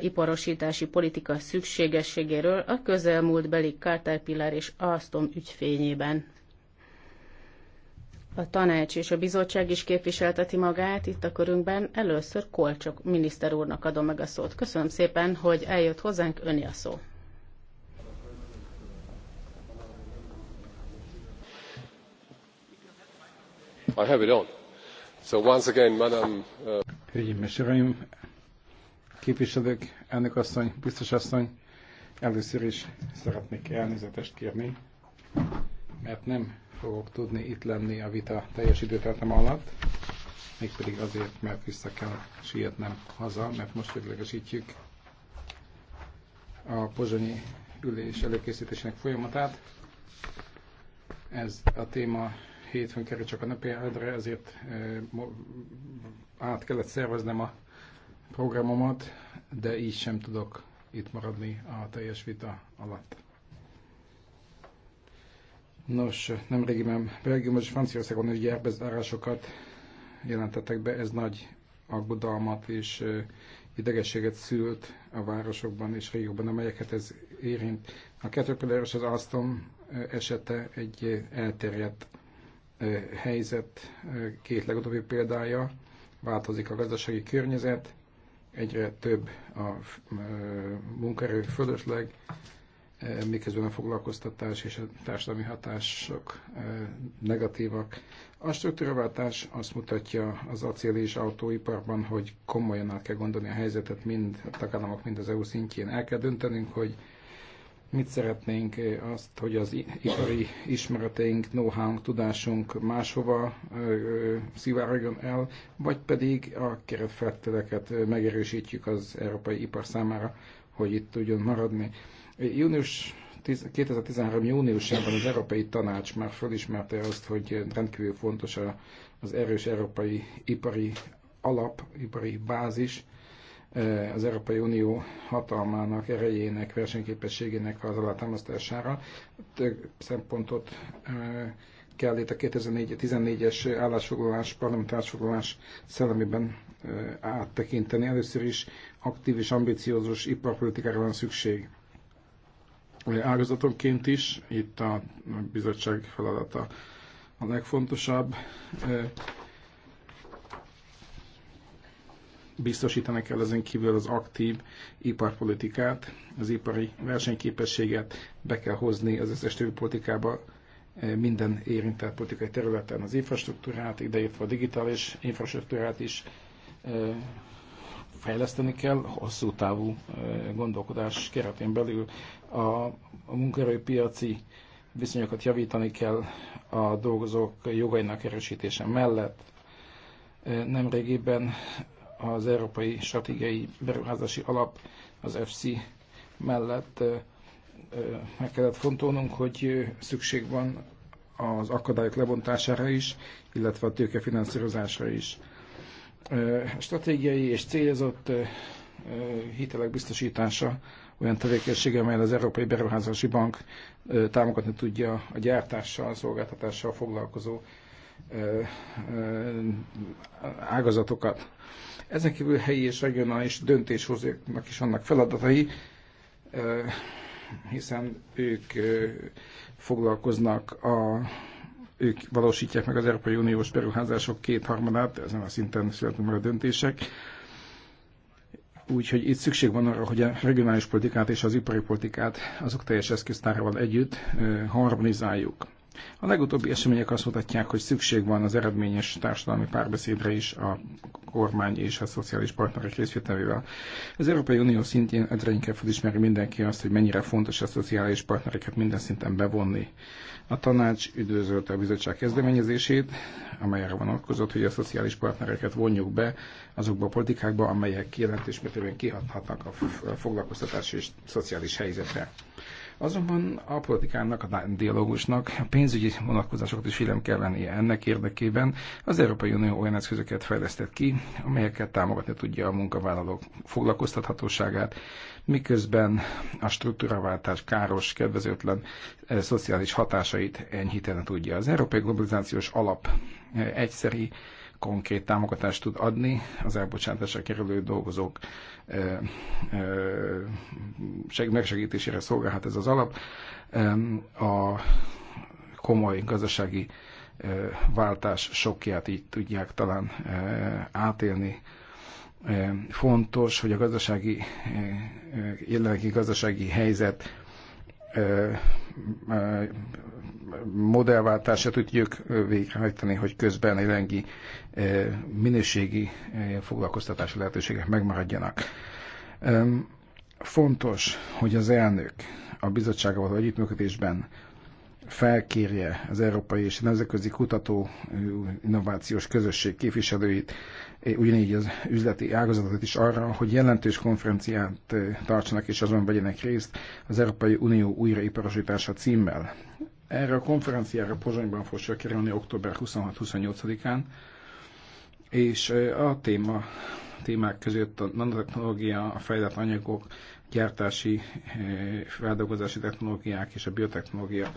iparosítási politika szükségességéről a beli Caterpillar és Alstom ügyfényében. A tanács és a bizottság is képviselteti magát itt a körünkben. Először Kolcsok miniszter úrnak adom meg a szót. Köszönöm szépen, hogy eljött hozzánk, öni a szó. I have it on. So once again, Madam... Uh képviselők, elnök asszony, biztos asszony, először is szeretnék elnézetest kérni, mert nem fogok tudni itt lenni a vita teljes időtartam alatt, mégpedig azért, mert vissza kell sietnem haza, mert most véglegesítjük a pozsonyi ülés előkészítésének folyamatát. Ez a téma hétfőn kerül csak a napi ezért eh, át kellett szerveznem a programomat, de így sem tudok itt maradni a teljes vita alatt. Nos, nem régiben Belgium és Franciaországon is gyerbezárásokat jelentettek be, ez nagy aggodalmat és idegességet szült a városokban és régióban, amelyeket ez érint. A Caterpillar és az Alstom esete egy elterjedt helyzet, két legutóbbi példája, változik a gazdasági környezet, egyre több a munkaerő fölösleg, miközben a foglalkoztatás és a társadalmi hatások negatívak. A struktúraváltás azt mutatja az acél és autóiparban, hogy komolyan át kell gondolni a helyzetet mind a tagállamok, mind az EU szintjén. El kell döntenünk, hogy Mit szeretnénk eh, azt, hogy az ipari ismereteink, know-how, tudásunk máshova eh, eh, szivárogjon el, vagy pedig a keretfeltételeket megerősítjük az európai ipar számára, hogy itt tudjon maradni. Június 2013. júniusában az Európai Tanács már felismerte azt, hogy rendkívül fontos az erős európai ipari alap, ipari bázis, az Európai Unió hatalmának, erejének, versenyképességének az alátámasztására. Több szempontot kell itt a 2014-es állásfoglalás, állásfoglalás szellemében áttekinteni. Először is aktív és ambiciózus iparpolitikára van szükség. Ágazatonként is, itt a bizottság feladata a legfontosabb. biztosítani kell ezen kívül az aktív iparpolitikát, az ipari versenyképességet be kell hozni az összes többi politikába, eh, minden érintett politikai területen az infrastruktúrát, ideértve a digitális infrastruktúrát is eh, fejleszteni kell, hosszú távú eh, gondolkodás keretén belül a, a munkaerőpiaci viszonyokat javítani kell a dolgozók jogainak erősítése mellett. Nemrégiben az Európai Stratégiai Beruházási Alap, az FC mellett meg kellett fontolnunk, hogy szükség van az akadályok lebontására is, illetve a tőkefinanszírozásra is. Stratégiai és célzott hitelek biztosítása olyan tevékenysége, amelyet az Európai Beruházási Bank támogatni tudja a gyártással, szolgáltatással foglalkozó ágazatokat. Ezen kívül helyi és regionális döntéshozóknak is vannak feladatai, hiszen ők foglalkoznak a ők valósítják meg az Európai Uniós beruházások kétharmadát, ezen a szinten születnek meg a döntések. Úgyhogy itt szükség van arra, hogy a regionális politikát és az ipari politikát azok teljes eszköztárával együtt harmonizáljuk. A legutóbbi események azt mutatják, hogy szükség van az eredményes társadalmi párbeszédre is a kormány és a szociális partnerek részvételével. Az Európai Unió szintén egyre inkább felismeri mindenki azt, hogy mennyire fontos a szociális partnereket minden szinten bevonni. A tanács üdvözölte a bizottság kezdeményezését, amely arra vonatkozott, hogy a szociális partnereket vonjuk be azokba a politikákba, amelyek jelentésmértékben kihathatnak a foglalkoztatás és szociális helyzetre. Azonban a politikának, a dialógusnak a pénzügyi vonatkozásokat is figyelem kell lennie ennek érdekében. Az Európai Unió olyan eszközöket fejlesztett ki, amelyeket támogatni tudja a munkavállalók foglalkoztathatóságát, miközben a struktúraváltás káros, kedvezőtlen eh, szociális hatásait enyhíteni tudja. Az Európai Globalizációs Alap eh, egyszeri konkrét támogatást tud adni az elbocsátásra kerülő dolgozók megsegítésére szolgálhat ez az alap. A komoly gazdasági váltás sokját így tudják talán átélni. Fontos, hogy a gazdasági, jelenlegi gazdasági helyzet modellváltását tudjuk végrehajtani, hogy közben jelenlegi eh, minőségi eh, foglalkoztatási lehetőségek megmaradjanak. Fontos, hogy az elnök a bizottsága való együttműködésben felkérje az európai és nemzetközi kutató eh, innovációs közösség képviselőit, ugyanígy az üzleti ágazatot is arra, hogy jelentős konferenciát tartsanak és azon vegyenek részt az Európai Unió újraiparosítása címmel. Erre a konferenciára Pozsonyban fog sor kerülni október 26-28-án, és a téma, témák között a nanotechnológia, a fejlett anyagok, gyártási, feldolgozási technológiák és a biotechnológia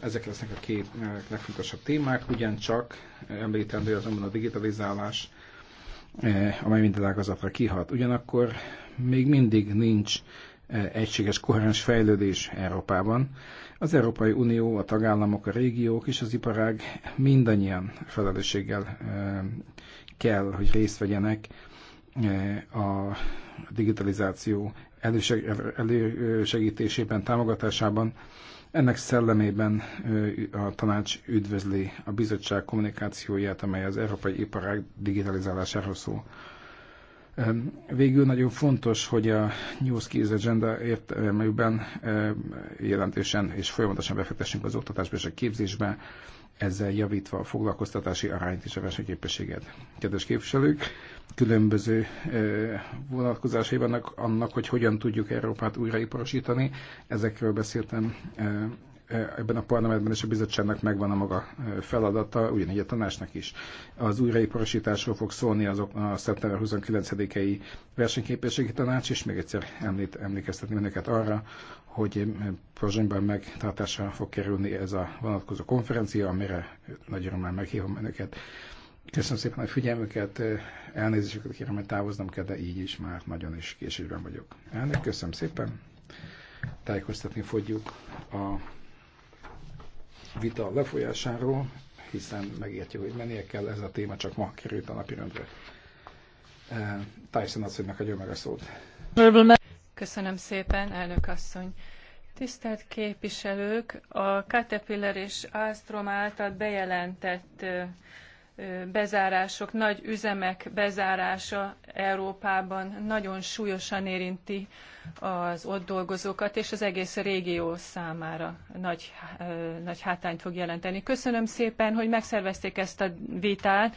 ezek lesznek a két legfontosabb témák, ugyancsak említendő azonban a digitalizálás, amely minden ágazatra kihat. Ugyanakkor még mindig nincs egységes, koherens fejlődés Európában. Az Európai Unió, a tagállamok, a régiók és az iparág mindannyian felelősséggel kell, hogy részt vegyenek a digitalizáció elősegítésében, támogatásában. Ennek szellemében a tanács üdvözli a bizottság kommunikációját, amely az európai iparág digitalizálásáról szól. Végül nagyon fontos, hogy a New Skills Agenda értelmében jelentősen és folyamatosan befektessünk az oktatásba és a képzésbe, ezzel javítva a foglalkoztatási arányt és a versenyképességet. Kedves képviselők, különböző vonatkozásai vannak annak, hogy hogyan tudjuk Európát újraiparosítani. Ezekről beszéltem ebben a parlamentben és a bizottságnak megvan a maga feladata, ugyanígy a tanácsnak is. Az újraiparosításról fog szólni az a szeptember 29-i versenyképességi tanács, és még egyszer említ, emlékeztetni önöket arra, hogy Pozsonyban megtartásra fog kerülni ez a vonatkozó konferencia, amire nagy örömmel meghívom önöket. Köszönöm szépen a figyelmüket, elnézésüket kérem, mert távoznom kell, de így is már nagyon is késésben vagyok. Elnök, köszönöm szépen. Tájékoztatni fogjuk a vita lefolyásáról, hiszen megértjük, hogy mennie kell, ez a téma csak ma került a napirendre. Eh, Tyson asszonynak adja meg a szót. Köszönöm szépen, elnök asszony. Tisztelt képviselők, a Caterpillar és Alstrom által bejelentett eh, eh, bezárások, nagy üzemek bezárása Európában nagyon súlyosan érinti az ott dolgozókat és az egész régió számára nagy, eh, nagy hátányt fog jelenteni. Köszönöm szépen, hogy megszervezték ezt a vitát,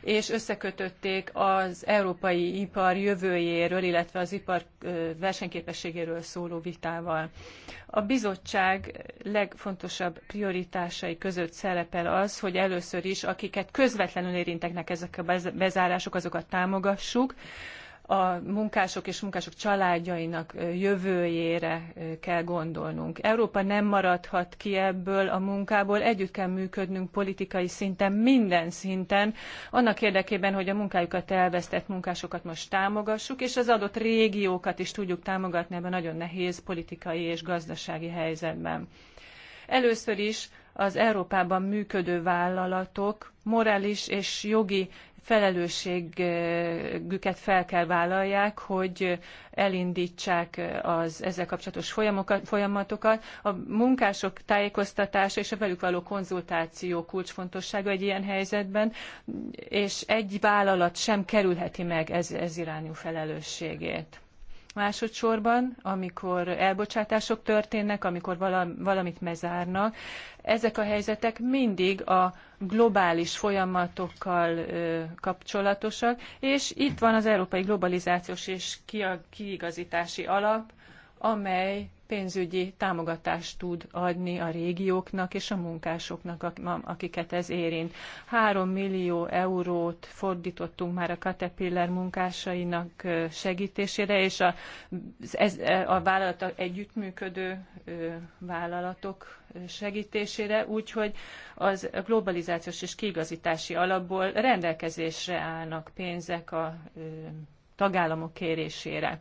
és összekötötték az európai ipar jövőjéről, illetve az ipar eh, versenyképességéről szóló vitával. A bizottság legfontosabb prioritásai között szerepel az, hogy először is, akiket közvetlenül érinteknek ezek a bezárások, azokat támogassuk, a munkások és munkások családjainak jövőjére kell gondolnunk. Európa nem maradhat ki ebből a munkából, együtt kell működnünk politikai szinten, minden szinten, annak érdekében, hogy a munkájukat elvesztett munkásokat most támogassuk, és az adott régiókat is tudjuk támogatni ebben a nagyon nehéz politikai és gazdasági helyzetben. Először is az Európában működő vállalatok morális és jogi felelősségüket fel kell vállalják, hogy elindítsák az ezzel kapcsolatos folyamatokat. A munkások tájékoztatása és a velük való konzultáció kulcsfontossága egy ilyen helyzetben, és egy vállalat sem kerülheti meg ez, ez irányú felelősségét másodszorban, amikor elbocsátások történnek, amikor valamit mezárnak. Ezek a helyzetek mindig a globális folyamatokkal kapcsolatosak, és itt van az Európai Globalizációs és Kiigazítási Alap, amely pénzügyi támogatást tud adni a régióknak és a munkásoknak, akiket ez érint. Három millió eurót fordítottunk már a Caterpillar munkásainak segítésére, és a, ez, e, a vállalat együttműködő vállalatok segítésére, úgyhogy az globalizációs és kiigazítási alapból rendelkezésre állnak pénzek a tagállamok kérésére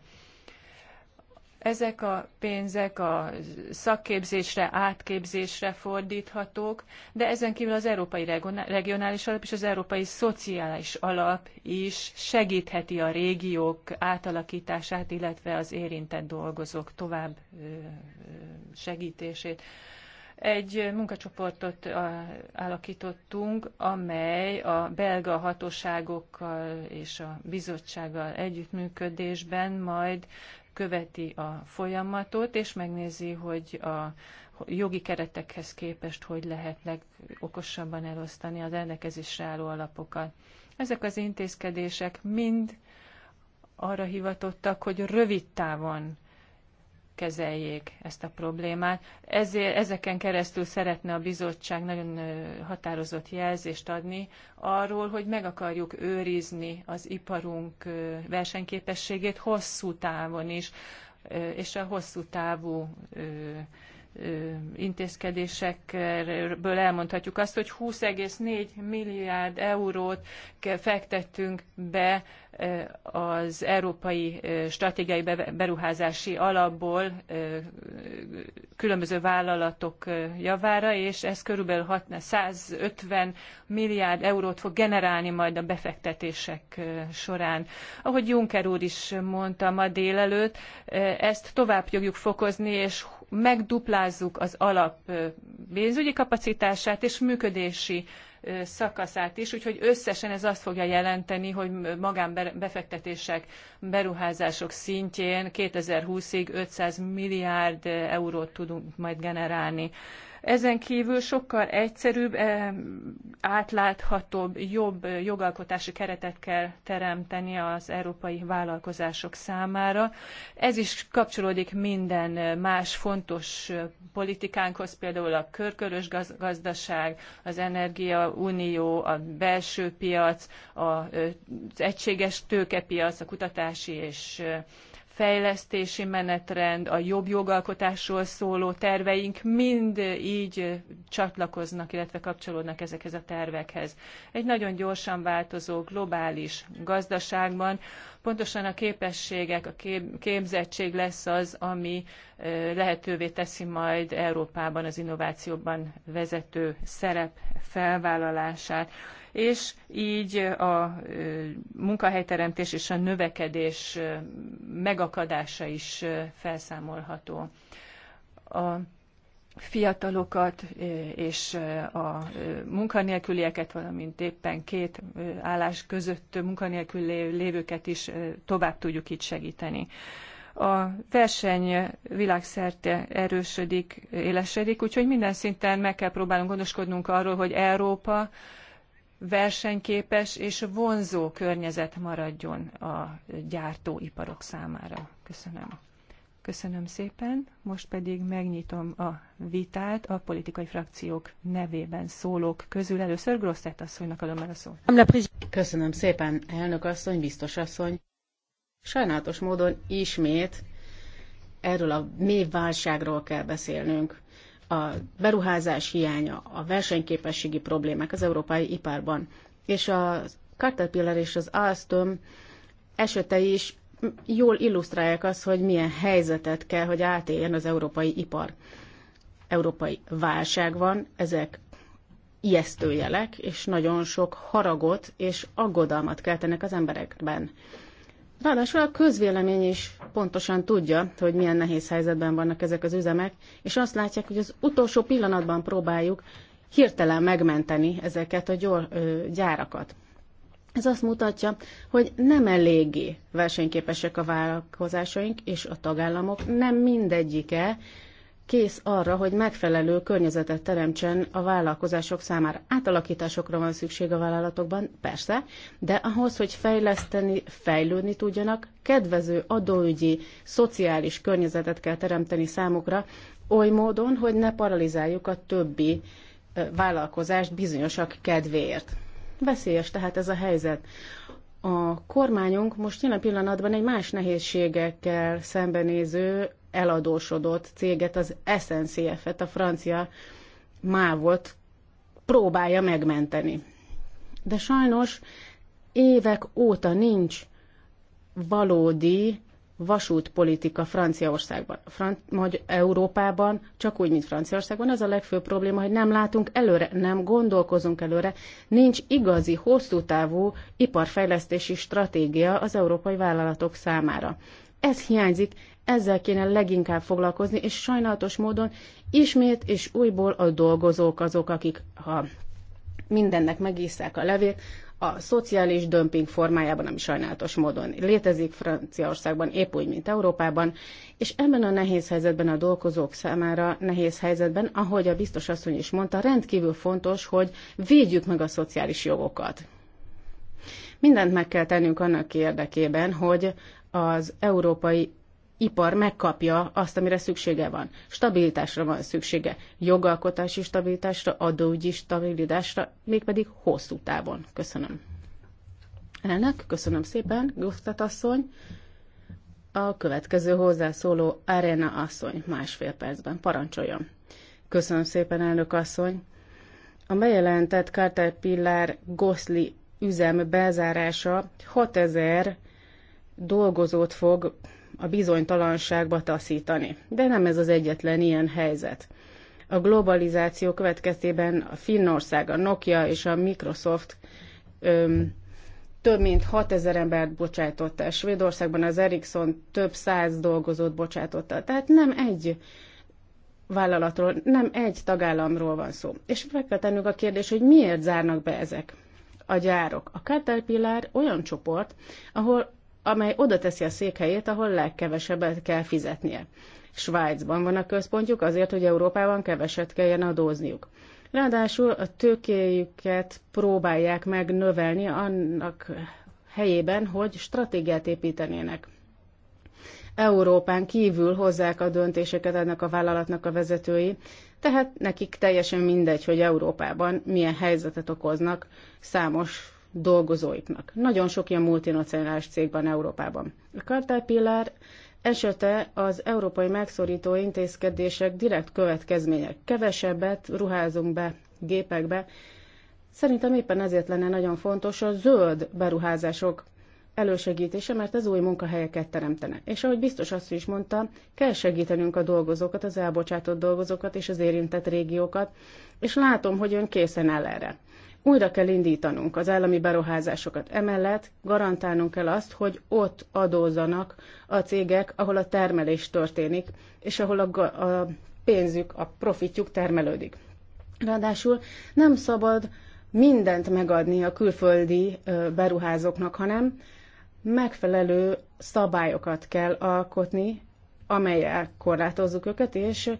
ezek a pénzek a szakképzésre, átképzésre fordíthatók, de ezen kívül az Európai Regionális Alap és az Európai Szociális Alap is segítheti a régiók átalakítását, illetve az érintett dolgozók tovább segítését. Egy munkacsoportot alakítottunk, amely a belga hatóságokkal és a bizottsággal együttműködésben majd követi a folyamatot, és megnézi, hogy a jogi keretekhez képest hogy lehet legokosabban elosztani az rendelkezésre álló alapokat. Ezek az intézkedések mind arra hivatottak, hogy rövid távon kezeljék ezt a problémát. Ezért, ezeken keresztül szeretne a bizottság nagyon határozott jelzést adni arról, hogy meg akarjuk őrizni az iparunk versenyképességét hosszú távon is, és a hosszú távú intézkedésekből elmondhatjuk azt, hogy 20,4 milliárd eurót fektettünk be az Európai Stratégiai Beruházási Alapból különböző vállalatok javára, és ez körülbelül 150 milliárd eurót fog generálni majd a befektetések során. Ahogy Juncker úr is mondta ma délelőtt, ezt tovább fogjuk fokozni, és megduplázzuk az alap pénzügyi kapacitását és működési szakaszát is, úgyhogy összesen ez azt fogja jelenteni, hogy magánbefektetések, beruházások szintjén 2020-ig 500 milliárd eurót tudunk majd generálni. Ezen kívül sokkal egyszerűbb, eh, átláthatóbb, jobb eh, jogalkotási keretet kell teremteni az európai vállalkozások számára. Ez is kapcsolódik minden eh, más fontos politikánkhoz, például a körkörös gazdaság, az energiaunió, a belső piac, az egységes tőkepiac, a kutatási és fejlesztési menetrend, a jobb jogalkotásról szóló terveink mind így csatlakoznak, illetve kapcsolódnak ezekhez a tervekhez. Egy nagyon gyorsan változó globális gazdaságban Pontosan a képességek, a képzettség lesz az, ami lehetővé teszi majd Európában az innovációban vezető szerep felvállalását és így a munkahelyteremtés és a növekedés megakadása is felszámolható. A fiatalokat és a munkanélkülieket, valamint éppen két állás között munkanélkül lévőket is tovább tudjuk itt segíteni. A verseny világszerte erősödik, élesedik, úgyhogy minden szinten meg kell próbálnunk gondoskodnunk arról, hogy Európa versenyképes és vonzó környezet maradjon a gyártóiparok számára. Köszönöm. Köszönöm szépen. Most pedig megnyitom a vitát a politikai frakciók nevében szólók közül. Először Grosszett asszonynak adom el a szót. Köszönöm szépen, elnök asszony, biztos asszony. Sajnálatos módon ismét erről a névválságról kell beszélnünk. A beruházás hiánya, a versenyképességi problémák az európai iparban, és a Caterpillar és az Alstom esete is jól illusztrálják azt, hogy milyen helyzetet kell, hogy átéljen az európai ipar. Európai válság van, ezek ijesztő jelek, és nagyon sok haragot és aggodalmat keltenek az emberekben. Ráadásul a közvélemény is pontosan tudja, hogy milyen nehéz helyzetben vannak ezek az üzemek, és azt látják, hogy az utolsó pillanatban próbáljuk hirtelen megmenteni ezeket a gyárakat. Ez azt mutatja, hogy nem eléggé versenyképesek a vállalkozásaink, és a tagállamok nem mindegyike kész arra, hogy megfelelő környezetet teremtsen a vállalkozások számára. Átalakításokra van szükség a vállalatokban, persze, de ahhoz, hogy fejleszteni, fejlődni tudjanak, kedvező adóügyi, szociális környezetet kell teremteni számukra, oly módon, hogy ne paralizáljuk a többi vállalkozást bizonyosak kedvéért. Veszélyes tehát ez a helyzet. A kormányunk most jelen pillanatban egy más nehézségekkel szembenéző eladósodott céget, az SNCF-et, a francia mávot próbálja megmenteni. De sajnos évek óta nincs valódi vasútpolitika Franciaországban, Fran- vagy Európában, csak úgy, mint Franciaországban, az a legfőbb probléma, hogy nem látunk előre, nem gondolkozunk előre, nincs igazi, hosszú távú iparfejlesztési stratégia az európai vállalatok számára. Ez hiányzik, ezzel kéne leginkább foglalkozni, és sajnálatos módon ismét és újból a dolgozók azok, akik ha mindennek megisszák a levét, a szociális dömping formájában, ami sajnálatos módon létezik Franciaországban, épp úgy, mint Európában, és ebben a nehéz helyzetben a dolgozók számára nehéz helyzetben, ahogy a biztos asszony is mondta, rendkívül fontos, hogy védjük meg a szociális jogokat. Mindent meg kell tennünk annak érdekében, hogy az európai ipar megkapja azt, amire szüksége van. Stabilitásra van szüksége, jogalkotási stabilitásra, adóügyi stabilitásra, mégpedig hosszú távon. Köszönöm. Elnök, köszönöm szépen, Gusztat asszony. A következő hozzászóló Arena asszony másfél percben. Parancsoljon. Köszönöm szépen, elnök asszony. A bejelentett Caterpillar Goszli üzem bezárása 6000 dolgozót fog a bizonytalanságba taszítani. De nem ez az egyetlen ilyen helyzet. A globalizáció következtében a Finnország, a Nokia és a Microsoft öm, több mint 6000 embert bocsátott el. Svédországban az Ericsson több száz dolgozót bocsátott el. Tehát nem egy vállalatról, nem egy tagállamról van szó. És meg kell tennünk a kérdés, hogy miért zárnak be ezek a gyárok. A Caterpillar olyan csoport, ahol amely oda teszi a székhelyét, ahol legkevesebbet kell fizetnie. Svájcban van a központjuk azért, hogy Európában keveset kelljen adózniuk. Ráadásul a tőkéjüket próbálják meg növelni annak helyében, hogy stratégiát építenének. Európán kívül hozzák a döntéseket ennek a vállalatnak a vezetői, tehát nekik teljesen mindegy, hogy Európában milyen helyzetet okoznak számos dolgozóiknak. Nagyon sok ilyen multinacionális cég van Európában. A Caterpillar esete az európai megszorító intézkedések direkt következmények. Kevesebbet ruházunk be gépekbe. Szerintem éppen ezért lenne nagyon fontos a zöld beruházások elősegítése, mert ez új munkahelyeket teremtene. És ahogy biztos azt is mondta, kell segítenünk a dolgozókat, az elbocsátott dolgozókat és az érintett régiókat, és látom, hogy ön készen áll erre. Újra kell indítanunk az állami beruházásokat. Emellett garantálnunk kell azt, hogy ott adózzanak a cégek, ahol a termelés történik, és ahol a, a pénzük, a profitjuk termelődik. Ráadásul nem szabad mindent megadni a külföldi beruházóknak, hanem megfelelő szabályokat kell alkotni, amelyel korlátozzuk őket, és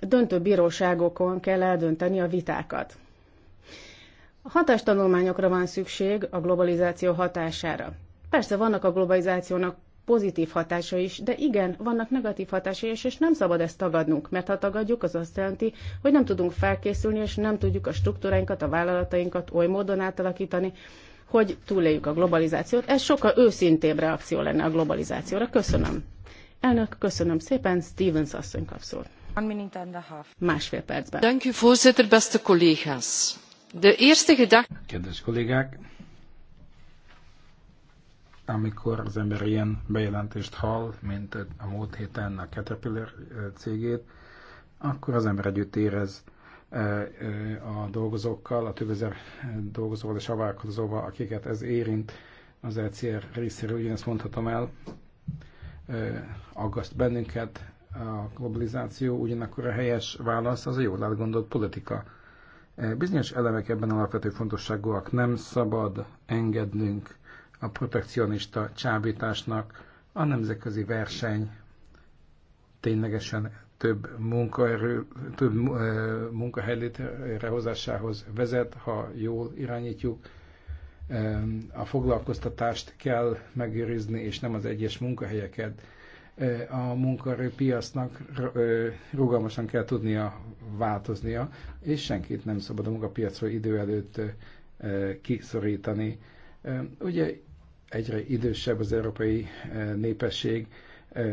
döntő bíróságokon kell eldönteni a vitákat. A hatástanulmányokra van szükség a globalizáció hatására. Persze vannak a globalizációnak pozitív hatása is, de igen, vannak negatív hatásai is, és nem szabad ezt tagadnunk, mert ha tagadjuk, az azt jelenti, hogy nem tudunk felkészülni, és nem tudjuk a struktúráinkat, a vállalatainkat oly módon átalakítani, hogy túléljük a globalizációt. Ez sokkal őszintébb reakció lenne a globalizációra. Köszönöm. Elnök, köszönöm szépen, Stevens asszony kap Másfél percben. Thank you, voorzitter, de eerste gedachte... Kedves kollégák, amikor az ember ilyen bejelentést hall, mint a múlt héten a Caterpillar cégét, akkor az ember együtt érez a dolgozókkal, a több ezer dolgozóval és a vállalkozóval, akiket ez érint az ECR részéről, ugyanezt mondhatom el, aggaszt bennünket a globalizáció, ugyanakkor a helyes válasz az a jól átgondolt politika Eh, bizonyos elemek ebben alapvető fontosságúak. Nem szabad engednünk a protekcionista csábításnak. A nemzetközi verseny ténylegesen több, munkaerő, több eh, munkahely létrehozásához vezet, ha jól irányítjuk. Eh, a foglalkoztatást kell megőrizni, és nem az egyes munkahelyeket a munkaerőpiacnak rugalmasan kell tudnia változnia, és senkit nem szabad a munkapiacról idő előtt kiszorítani. Ugye egyre idősebb az európai népesség,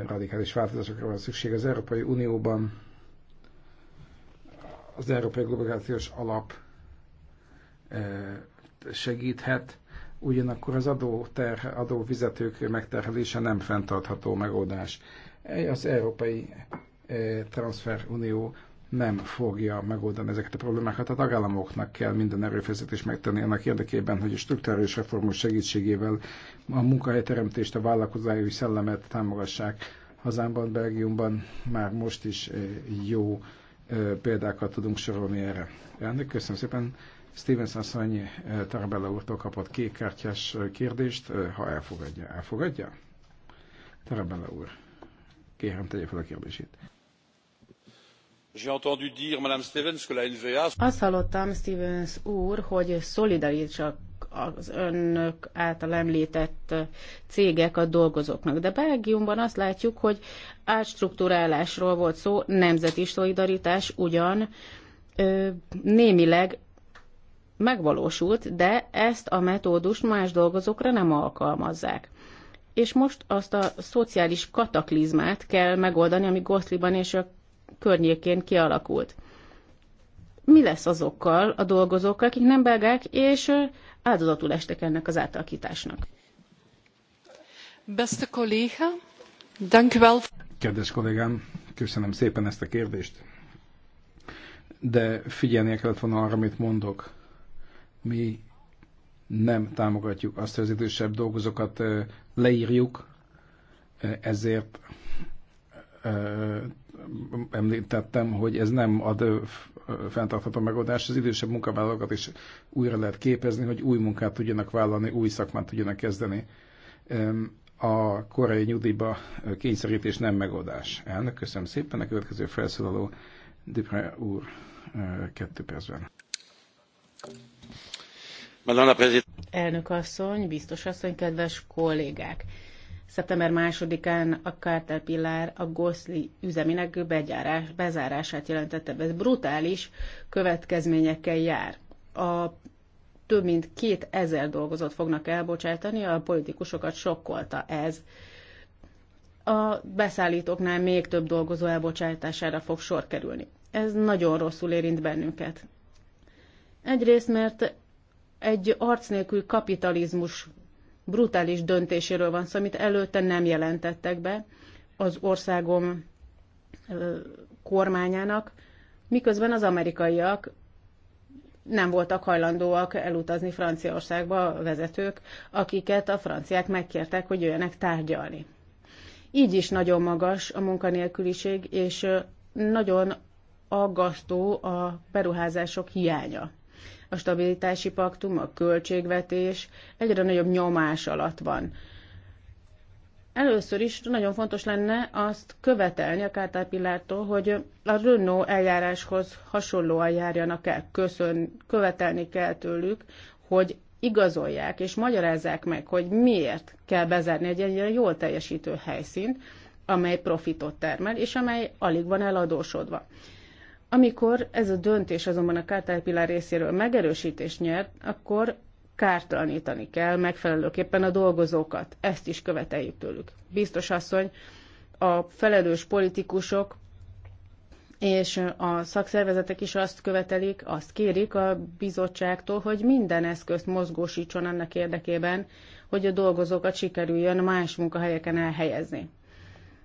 radikális változásokra van szükség az Európai Unióban, az Európai Globalizációs Alap segíthet ugyanakkor az adóter, adóvizetők megterhelése nem fenntartható megoldás. Az Európai eh, Transferunió nem fogja megoldani ezeket a problémákat. A tagállamoknak kell minden erőfeszítést megtenni annak érdekében, hogy a struktúrális reformok segítségével a munkahelyteremtést, a vállalkozói szellemet támogassák. Hazámban, Belgiumban már most is eh, jó eh, példákat tudunk sorolni erre. Elnök, köszönöm szépen. Stevens asszony eh, Tarabella úrtól kapott kékkártyás eh, kérdést, eh, ha elfogadja. Elfogadja? Tarabella úr, kérem tegye fel a kérdését. Azt hallottam, Stevens úr, hogy szolidaritsak az önök által említett cégek a dolgozóknak. De Belgiumban azt látjuk, hogy átstruktúrálásról volt szó, nemzeti szolidaritás ugyan, némileg megvalósult, de ezt a metódust más dolgozókra nem alkalmazzák. És most azt a szociális kataklizmát kell megoldani, ami Goszliban és a környékén kialakult. Mi lesz azokkal a dolgozókkal, akik nem belgák, és áldozatul estek ennek az átalakításnak? Beste kolléga, dank wel. Kedves kollégám, köszönöm szépen ezt a kérdést. De figyelnie kellett volna arra, amit mondok mi nem támogatjuk azt, hogy az idősebb dolgozókat leírjuk, ezért említettem, hogy ez nem ad fenntartható megoldást. Az idősebb munkavállalókat is újra lehet képezni, hogy új munkát tudjanak vállalni, új szakmát tudjanak kezdeni. A korai nyugdíjba kényszerítés nem megoldás. Elnök, köszönöm szépen. A következő felszólaló Dupré úr kettő percben. Elnök asszony, biztos asszony, kedves kollégák! Szeptember 2-án a Caterpillar a Goszli üzeminek begyárás, bezárását jelentette. Ez brutális következményekkel jár. A több mint két ezer dolgozót fognak elbocsátani, a politikusokat sokkolta ez. A beszállítóknál még több dolgozó elbocsátására fog sor kerülni. Ez nagyon rosszul érint bennünket. Egyrészt, mert egy arc nélkül kapitalizmus brutális döntéséről van szó, amit előtte nem jelentettek be az országom kormányának, miközben az amerikaiak nem voltak hajlandóak elutazni Franciaországba a vezetők, akiket a franciák megkértek, hogy jöjjenek tárgyalni. Így is nagyon magas a munkanélküliség, és nagyon aggasztó a beruházások hiánya a stabilitási paktum, a költségvetés egyre nagyobb nyomás alatt van. Először is nagyon fontos lenne azt követelni a Caterpillártól, hogy a Renault eljáráshoz hasonlóan járjanak el, köszön, követelni kell tőlük, hogy igazolják és magyarázzák meg, hogy miért kell bezárni egy ilyen jól teljesítő helyszínt, amely profitot termel, és amely alig van eladósodva. Amikor ez a döntés azonban a Kártály részéről megerősítést nyert, akkor kártalanítani kell megfelelőképpen a dolgozókat. Ezt is követeljük tőlük. Biztos asszony, a felelős politikusok és a szakszervezetek is azt követelik, azt kérik a bizottságtól, hogy minden eszközt mozgósítson annak érdekében, hogy a dolgozókat sikerüljön más munkahelyeken elhelyezni.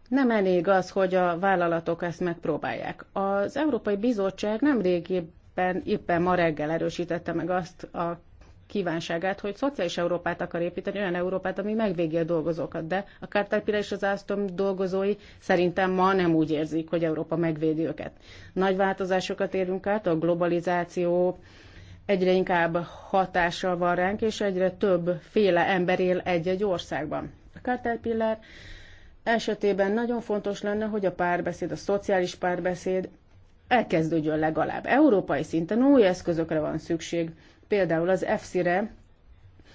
Nem elég az, hogy a vállalatok ezt megpróbálják. Az Európai Bizottság nem régében, éppen ma reggel erősítette meg azt a kívánságát, hogy szociális Európát akar építeni, olyan Európát, ami megvégi a dolgozókat. De a Caterpillar és az Ásztom dolgozói szerintem ma nem úgy érzik, hogy Európa megvédi őket. Nagy változásokat érünk át, a globalizáció egyre inkább hatással van ránk, és egyre több féle ember él egy-egy országban. A Caterpillar esetében nagyon fontos lenne, hogy a párbeszéd, a szociális párbeszéd elkezdődjön legalább. Európai szinten új eszközökre van szükség, például az EFSI-re,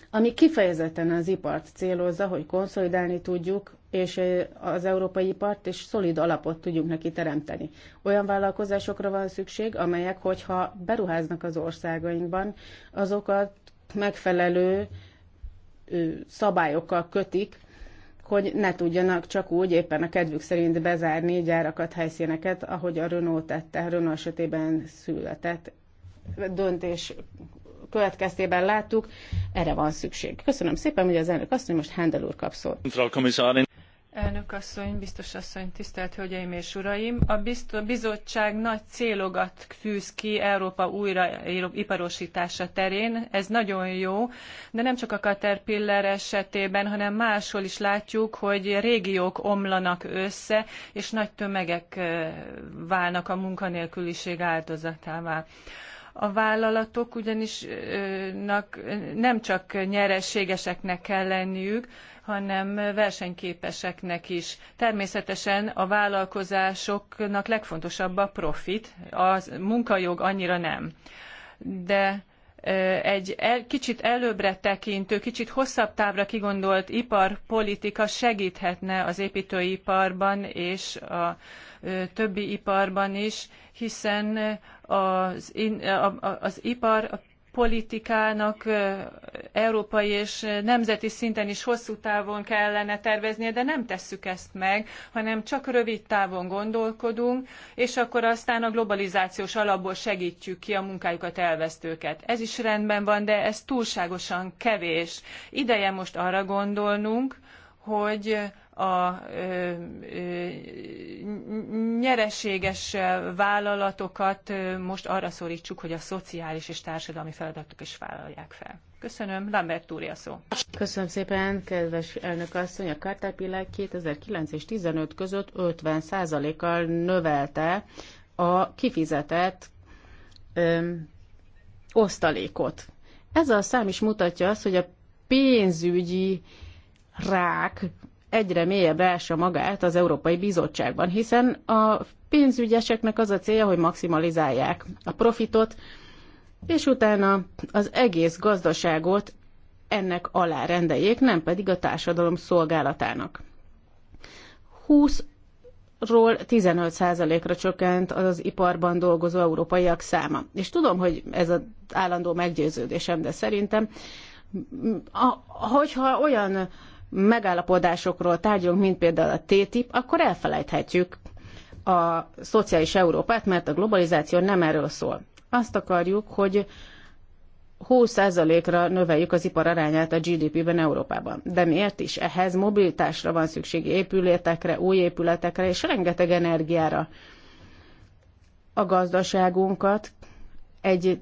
ami kifejezetten az ipart célozza, hogy konszolidálni tudjuk, és eh, az európai ipart, és szolid alapot tudjunk neki teremteni. Olyan vállalkozásokra van szükség, amelyek, hogyha beruháznak az országainkban, azokat megfelelő szabályokkal kötik, hogy ne tudjanak csak úgy éppen a kedvük szerint bezárni gyárakat, helyszíneket, ahogy a Renault tette, Renault esetében született döntés következtében láttuk, erre van szükség. Köszönöm szépen, hogy az elnök azt, hogy most Handel úr kap szót. Elnök asszony, biztos asszony, tisztelt Hölgyeim és Uraim! A bizottság nagy célokat tűz ki Európa újraiparosítása terén. Ez nagyon jó, de nem csak a Caterpillar esetében, hanem máshol is látjuk, hogy régiók omlanak össze, és nagy tömegek eh, válnak a munkanélküliség áldozatává. A vállalatok ugyanis nem csak nyereségeseknek kell lenniük, hanem versenyképeseknek is. Természetesen a vállalkozásoknak legfontosabb a profit, a munkajog annyira nem. De egy kicsit előbbre tekintő, kicsit hosszabb távra kigondolt iparpolitika segíthetne az építőiparban és a többi iparban is, hiszen az, az ipar a politikának európai és nemzeti szinten is hosszú távon kellene terveznie, de nem tesszük ezt meg, hanem csak rövid távon gondolkodunk, és akkor aztán a globalizációs alapból segítjük ki a munkájukat elvesztőket. Ez is rendben van, de ez túlságosan kevés. Ideje most arra gondolnunk, hogy a nyereséges vállalatokat most arra szorítsuk, hogy a szociális és társadalmi feladatok is vállalják fel. Köszönöm. Lambert úr, a szó. Köszönöm szépen, kedves elnök asszony. A Caterpillar 2009 és 15 között 50 kal növelte a kifizetett öm, osztalékot. Ez a szám is mutatja azt, hogy a pénzügyi rák egyre mélyebb ássa magát az Európai Bizottságban, hiszen a pénzügyeseknek az a célja, hogy maximalizálják a profitot, és utána az egész gazdaságot ennek alárendeljék, nem pedig a társadalom szolgálatának. 20-ról 15%-ra csökkent az iparban dolgozó európaiak száma. És tudom, hogy ez az állandó meggyőződésem, de szerintem, a, hogyha olyan megállapodásokról tárgyalunk, mint például a TTIP, akkor elfelejthetjük a szociális Európát, mert a globalizáció nem erről szól. Azt akarjuk, hogy 20%-ra növeljük az ipar arányát a GDP-ben Európában. De miért is? Ehhez mobilitásra van szükség, épületekre, új épületekre és rengeteg energiára. A gazdaságunkat egy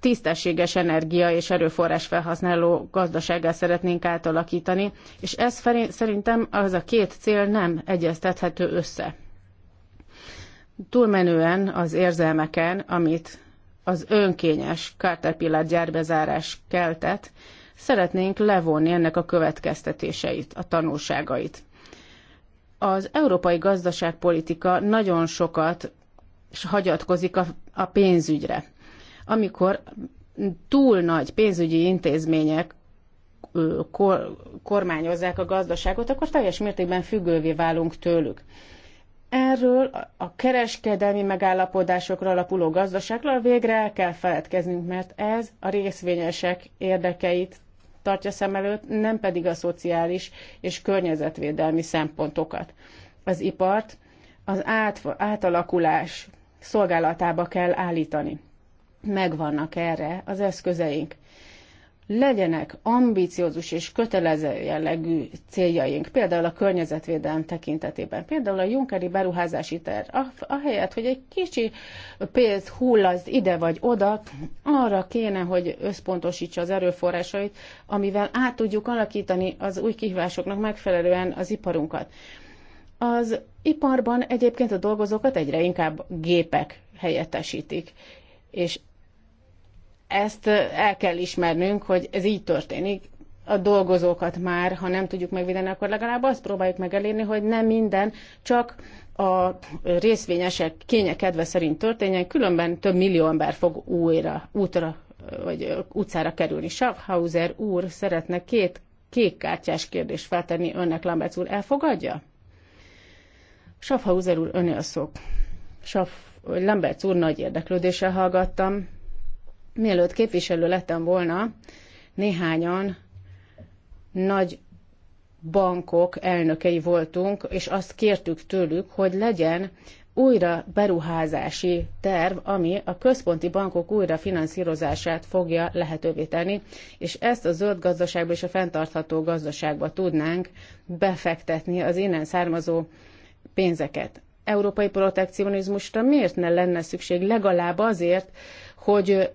tisztességes energia és erőforrás felhasználó gazdasággá szeretnénk átalakítani, és ez szerintem az a két cél nem egyeztethető össze. Túlmenően az érzelmeken, amit az önkényes Caterpillar gyárbezárás keltett, szeretnénk levonni ennek a következtetéseit, a tanulságait. Az európai gazdaságpolitika nagyon sokat hagyatkozik a pénzügyre amikor túl nagy pénzügyi intézmények kor, kormányozzák a gazdaságot, akkor teljes mértékben függővé válunk tőlük. Erről a kereskedelmi megállapodásokra alapuló gazdaságról végre el kell feledkeznünk, mert ez a részvényesek érdekeit tartja szem előtt, nem pedig a szociális és környezetvédelmi szempontokat. Az ipart az át, átalakulás szolgálatába kell állítani megvannak erre az eszközeink. Legyenek ambiciózus és kötelező jellegű céljaink, például a környezetvédelem tekintetében, például a Junkeri beruházási terv, ahelyett, hogy egy kicsi pénz hullaz ide vagy oda, arra kéne, hogy összpontosítsa az erőforrásait, amivel át tudjuk alakítani az új kihívásoknak megfelelően az iparunkat. Az iparban egyébként a dolgozókat egyre inkább gépek helyettesítik, és ezt el kell ismernünk, hogy ez így történik. A dolgozókat már, ha nem tudjuk megvédeni, akkor legalább azt próbáljuk meg elérni, hogy nem minden csak a részvényesek kénye kedve szerint történjen, különben több millió ember fog újra, útra vagy utcára kerülni. Schaffhauser úr szeretne két kékkártyás kérdést feltenni önnek, Lambert úr. Elfogadja? Schaffhauser úr, öné a szok. Schaff, Lambert úr nagy érdeklődéssel hallgattam mielőtt képviselő lettem volna, néhányan nagy bankok elnökei voltunk, és azt kértük tőlük, hogy legyen újra beruházási terv, ami a központi bankok újra finanszírozását fogja lehetővé tenni, és ezt a zöld gazdaságba és a fenntartható gazdaságba tudnánk befektetni az innen származó pénzeket. Európai protekcionizmusra miért ne lenne szükség legalább azért, hogy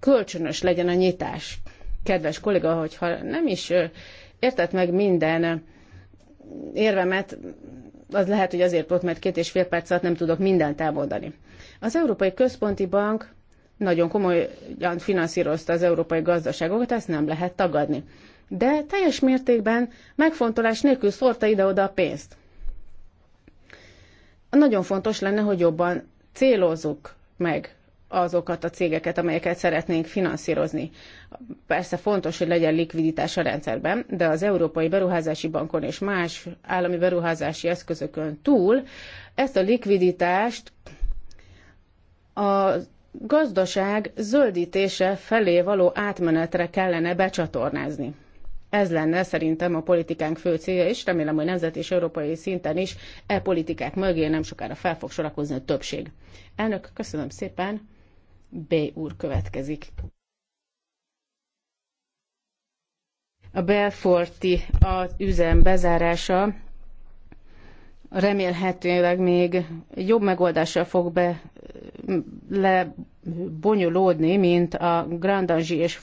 kölcsönös legyen a nyitás. Kedves kolléga, hogyha nem is értett meg minden érvemet, az lehet, hogy azért volt, mert két és fél perc alatt nem tudok mindent elmondani. Az Európai Központi Bank nagyon komolyan finanszírozta az európai gazdaságokat, ezt nem lehet tagadni. De teljes mértékben megfontolás nélkül szórta ide-oda a pénzt. Nagyon fontos lenne, hogy jobban célozzuk meg azokat a cégeket, amelyeket szeretnénk finanszírozni. Persze fontos, hogy legyen likviditás a rendszerben, de az Európai Beruházási Bankon és más állami beruházási eszközökön túl ezt a likviditást a gazdaság zöldítése felé való átmenetre kellene becsatornázni. Ez lenne szerintem a politikánk fő célja, és remélem, hogy nemzet és európai szinten is e politikák mögé nem sokára fel fog sorakozni a többség. Elnök, köszönöm szépen! B úr következik. A belforti a üzem bezárása remélhetőleg még jobb megoldással fog be lebonyolódni, mint a Grandanzsi és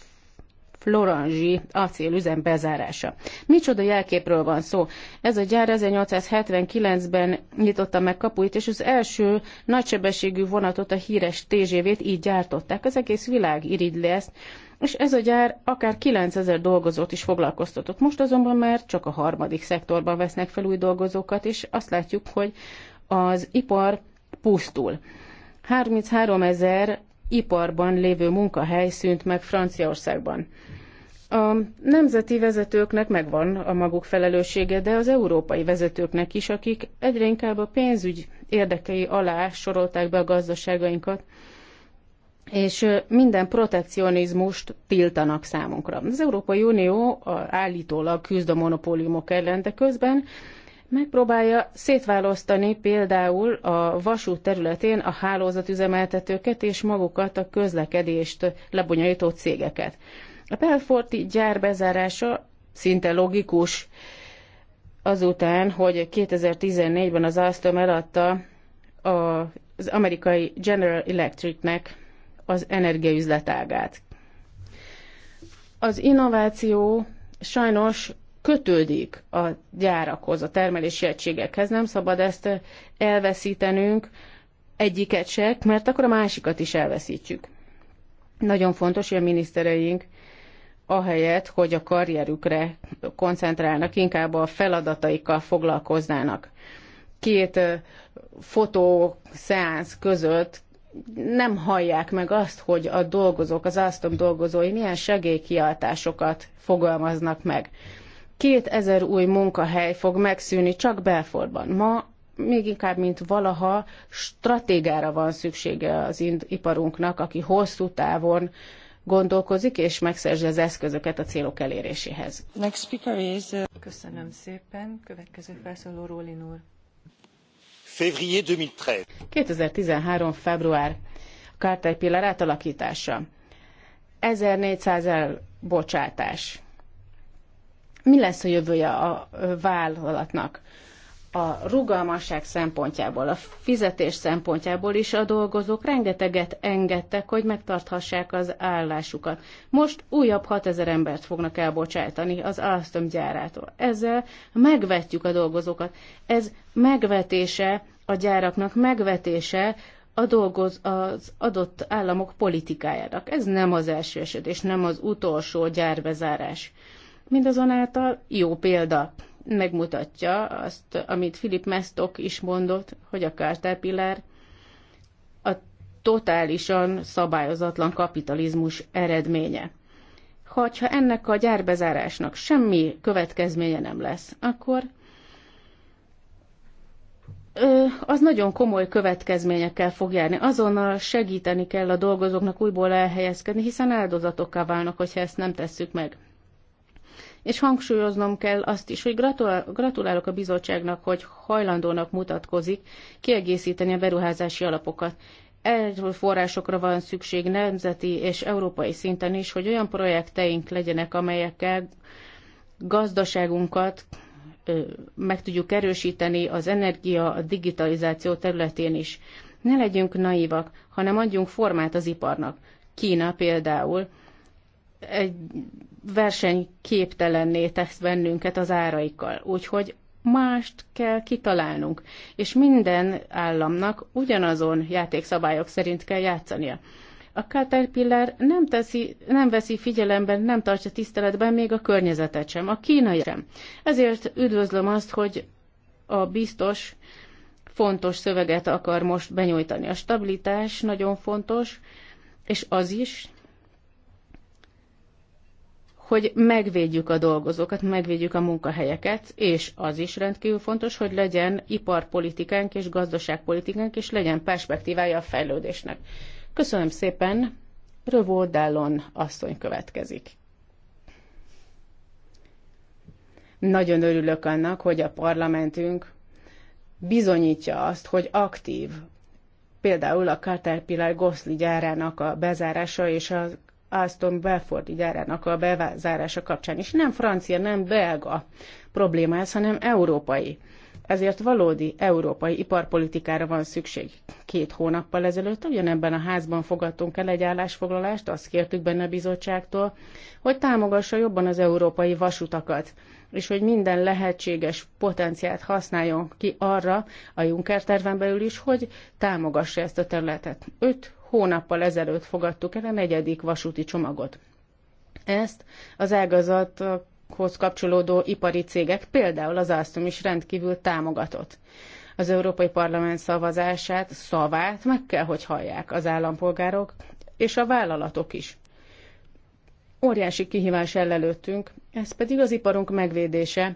Florangi acélüzem bezárása. Micsoda jelképről van szó. Ez a gyár 1879-ben nyitotta meg kapuit, és az első nagysebességű vonatot, a híres TGV-t így gyártották. Az egész világ irigyli ezt, és ez a gyár akár 9000 dolgozót is foglalkoztatott. Most azonban már csak a harmadik szektorban vesznek fel új dolgozókat, és azt látjuk, hogy az ipar pusztul. 33 ezer iparban lévő munkahely szűnt meg Franciaországban. A nemzeti vezetőknek megvan a maguk felelőssége, de az európai vezetőknek is, akik egyre inkább a pénzügy érdekei alá sorolták be a gazdaságainkat, és minden protekcionizmust tiltanak számunkra. Az Európai Unió állítólag küzd a monopóliumok ellen, de közben megpróbálja szétválasztani például a vasút területén a hálózatüzemeltetőket és magukat a közlekedést lebonyolító cégeket. A Pelforti gyár bezárása szinte logikus azután, hogy 2014-ben az Alstom eladta az amerikai General Electricnek az energiaüzletágát. Az innováció sajnos kötődik a gyárakhoz, a termelési egységekhez, nem szabad ezt elveszítenünk egyiket se, mert akkor a másikat is elveszítjük. Nagyon fontos, hogy a minisztereink ahelyett, hogy a karrierükre koncentrálnak, inkább a feladataikkal foglalkoznának. Két fotó szeánsz között nem hallják meg azt, hogy a dolgozók, az Alstom dolgozói milyen segélykiáltásokat fogalmaznak meg. 2000 új munkahely fog megszűni csak Belfordban. Ma még inkább, mint valaha stratégára van szüksége az iparunknak, aki hosszú távon gondolkozik és megszerzi az eszközöket a célok eléréséhez. Next speaker is... Uh, Köszönöm szépen. Következő felszóló Rólin úr. 2013. 2013. február Caterpillar átalakítása. 1400 elbocsátás mi lesz a jövője a vállalatnak? A rugalmasság szempontjából, a fizetés szempontjából is a dolgozók rengeteget engedtek, hogy megtarthassák az állásukat. Most újabb 6000 embert fognak elbocsájtani az Alstom gyárától. Ezzel megvetjük a dolgozókat. Ez megvetése a gyáraknak, megvetése a dolgoz az adott államok politikájának. Ez nem az első eset, és nem az utolsó gyárbezárás. Mindazonáltal jó példa megmutatja azt, amit Philip Mestok is mondott, hogy a Caterpillar a totálisan szabályozatlan kapitalizmus eredménye. Hogyha ennek a gyárbezárásnak semmi következménye nem lesz, akkor az nagyon komoly következményekkel fog járni. Azonnal segíteni kell a dolgozóknak újból elhelyezkedni, hiszen áldozatokká válnak, hogyha ezt nem tesszük meg. És hangsúlyoznom kell azt is, hogy gratulálok a bizottságnak, hogy hajlandónak mutatkozik kiegészíteni a beruházási alapokat. Erről forrásokra van szükség nemzeti és európai szinten is, hogy olyan projekteink legyenek, amelyekkel gazdaságunkat meg tudjuk erősíteni az energia, a digitalizáció területén is. Ne legyünk naívak, hanem adjunk formát az iparnak. Kína például egy versenyképtelenné tesz bennünket az áraikkal. Úgyhogy mást kell kitalálnunk, és minden államnak ugyanazon játékszabályok szerint kell játszania. A Caterpillar nem, teszi, nem veszi figyelembe, nem tartja tiszteletben még a környezetet sem, a kínai sem. Ezért üdvözlöm azt, hogy a biztos fontos szöveget akar most benyújtani. A stabilitás nagyon fontos, és az is, hogy megvédjük a dolgozókat, megvédjük a munkahelyeket, és az is rendkívül fontos, hogy legyen iparpolitikánk és gazdaságpolitikánk, és legyen perspektívája a fejlődésnek. Köszönöm szépen, Rövoldálon asszony következik. Nagyon örülök annak, hogy a parlamentünk bizonyítja azt, hogy aktív, például a Caterpillar Goszli gyárának a bezárása és a Aston Belford gyárának a bezárása kapcsán. És nem francia, nem belga probléma ez, hanem európai. Ezért valódi európai iparpolitikára van szükség. Két hónappal ezelőtt ugyanebben a házban fogadtunk el egy állásfoglalást, azt kértük benne a bizottságtól, hogy támogassa jobban az európai vasutakat, és hogy minden lehetséges potenciát használjon ki arra a Juncker terven belül is, hogy támogassa ezt a területet. Öt hónappal ezelőtt fogadtuk el a negyedik vasúti csomagot. Ezt az hoz kapcsolódó ipari cégek, például az Alstom is rendkívül támogatott. Az Európai Parlament szavazását, szavát meg kell, hogy hallják az állampolgárok és a vállalatok is. Óriási kihívás előttünk, ez pedig az iparunk megvédése,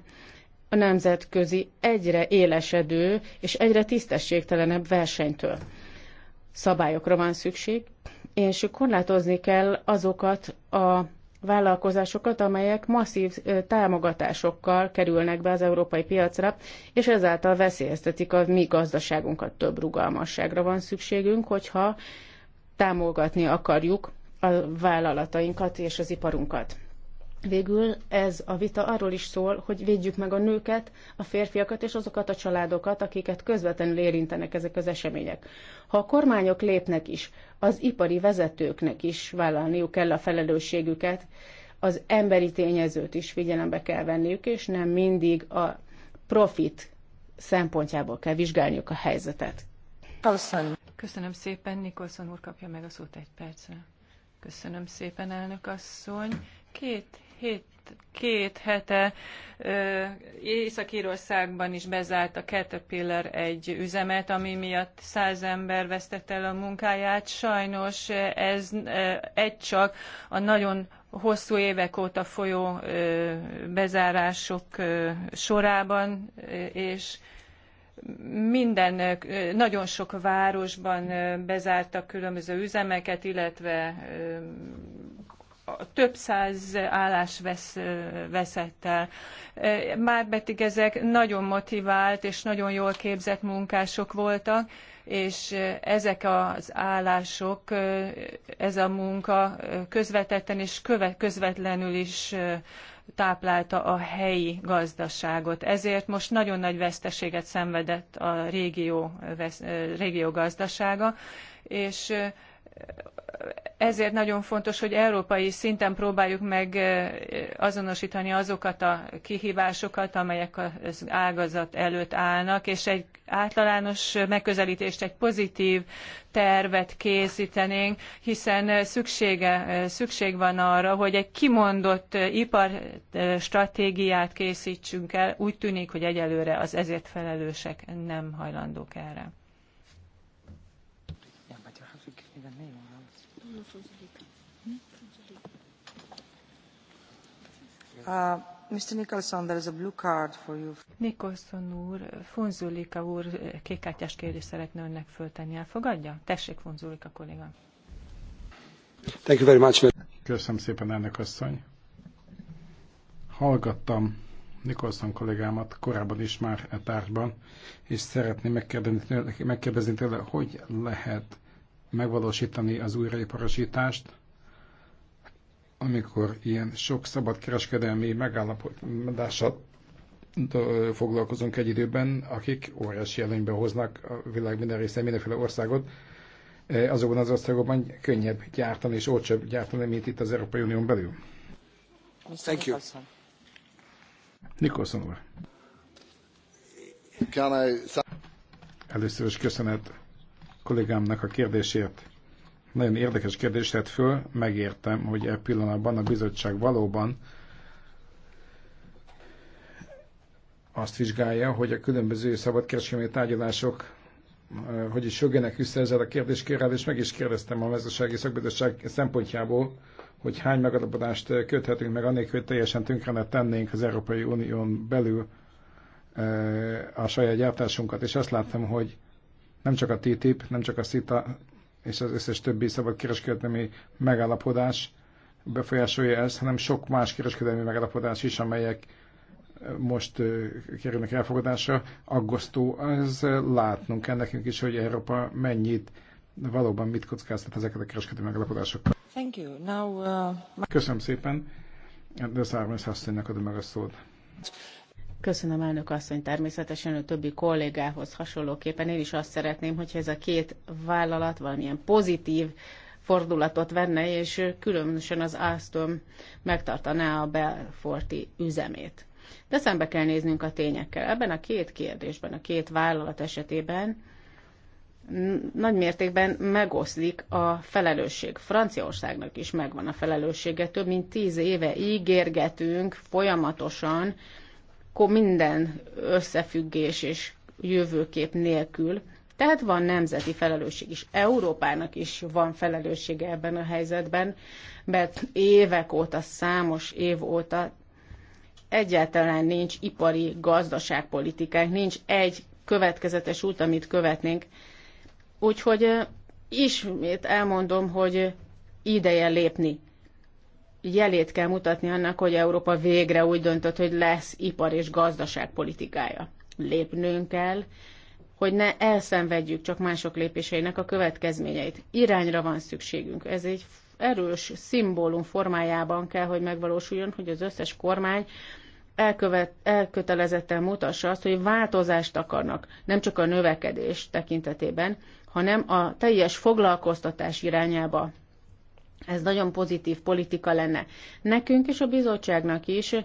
a nemzetközi egyre élesedő és egyre tisztességtelenebb versenytől szabályokra van szükség, és korlátozni kell azokat a vállalkozásokat, amelyek masszív támogatásokkal kerülnek be az európai piacra, és ezáltal veszélyeztetik a mi gazdaságunkat. Több rugalmasságra van szükségünk, hogyha támogatni akarjuk a vállalatainkat és az iparunkat. Végül ez a vita arról is szól, hogy védjük meg a nőket, a férfiakat és azokat a családokat, akiket közvetlenül érintenek ezek az események. Ha a kormányok lépnek is, az ipari vezetőknek is vállalniuk kell a felelősségüket, az emberi tényezőt is figyelembe kell venniük, és nem mindig a profit szempontjából kell vizsgálniuk a helyzetet. Köszönöm, Köszönöm szépen, Nikolson úr kapja meg a szót egy percre. Köszönöm szépen, elnök asszony. Két hét, két hete Észak-Írországban is bezárt a Caterpillar egy üzemet, ami miatt száz ember vesztette el a munkáját. Sajnos ez egy csak a nagyon hosszú évek óta folyó bezárások sorában, és minden, nagyon sok városban bezártak különböző üzemeket, illetve több száz állás vesz, veszett el. Már pedig ezek nagyon motivált és nagyon jól képzett munkások voltak, és ezek az állások, ez a munka közvetetten és követ, közvetlenül is táplálta a helyi gazdaságot. Ezért most nagyon nagy veszteséget szenvedett a régió, régió gazdasága, és ezért nagyon fontos, hogy európai szinten próbáljuk meg azonosítani azokat a kihívásokat, amelyek az ágazat előtt állnak, és egy általános megközelítést, egy pozitív tervet készítenénk, hiszen szüksége, szükség van arra, hogy egy kimondott iparstratégiát készítsünk el. Úgy tűnik, hogy egyelőre az ezért felelősek nem hajlandók erre. Uh, Mr. Nicholson, there is a blue card for you. Nicholson úr, Fonzulika úr kékkártyás kérdést szeretne önnek föltenni. Elfogadja? Tessék, Fonzulika kolléga. Thank you very much. Köszönöm szépen, elnök asszony. Hallgattam Nicholson kollégámat korábban is már e tárgyban, és szeretném megkérdezni, megkérdezni tőle, hogy lehet megvalósítani az újraiparosítást, amikor ilyen sok kereskedelmi megállapodással foglalkozunk egy időben, akik óriási előnybe hoznak a világ minden része mindenféle országot, azokban az országokban könnyebb gyártani és olcsóbb gyártani, mint itt az Európai Unión belül. Thank you. Nicholson úr. Először is köszönet kollégámnak a kérdésért. Nagyon érdekes kérdést tett föl, megértem, hogy e pillanatban a bizottság valóban azt vizsgálja, hogy a különböző szabadkereskedelmi tárgyalások eh, hogy is jögjenek vissza ezzel a kérdéskérrel, és meg is kérdeztem a mezőségi szakbizottság szempontjából, hogy hány megadapodást köthetünk meg annélkül, hogy teljesen tönkrene tennénk az Európai Unión belül eh, a saját gyártásunkat, és azt láttam, hogy nem csak a TTIP, nem csak a szita és az összes többi szabad kereskedelmi megállapodás befolyásolja ezt, hanem sok más kereskedelmi megállapodás is, amelyek most kerülnek elfogadásra. Aggasztó az látnunk kell nekünk is, hogy Európa mennyit, valóban mit kockáztat ezeket a kereskedelmi megállapodásokkal. Thank you. Now, uh... Köszönöm szépen. De Szármész Hasszonynak adom meg a szót. Köszönöm, elnök asszony, természetesen a többi kollégához hasonlóképpen én is azt szeretném, hogyha ez a két vállalat valamilyen pozitív fordulatot venne, és különösen az Aston megtartaná a belforti üzemét. De szembe kell néznünk a tényekkel. Ebben a két kérdésben, a két vállalat esetében nagy mértékben megoszlik a felelősség. Franciaországnak is megvan a felelőssége. Több mint tíz éve ígérgetünk folyamatosan, akkor minden összefüggés és jövőkép nélkül. Tehát van nemzeti felelősség is. Európának is van felelőssége ebben a helyzetben, mert évek óta, számos év óta egyáltalán nincs ipari gazdaságpolitikánk, nincs egy következetes út, amit követnénk. Úgyhogy ismét elmondom, hogy ideje lépni jelét kell mutatni annak, hogy Európa végre úgy döntött, hogy lesz ipar és gazdaságpolitikája. Lépnünk kell, hogy ne elszenvedjük csak mások lépéseinek a következményeit. Irányra van szükségünk. Ez egy erős szimbólum formájában kell, hogy megvalósuljon, hogy az összes kormány elkövet, elkötelezetten mutassa azt, hogy változást akarnak, nem csak a növekedés tekintetében, hanem a teljes foglalkoztatás irányába. Ez nagyon pozitív politika lenne. Nekünk és a bizottságnak is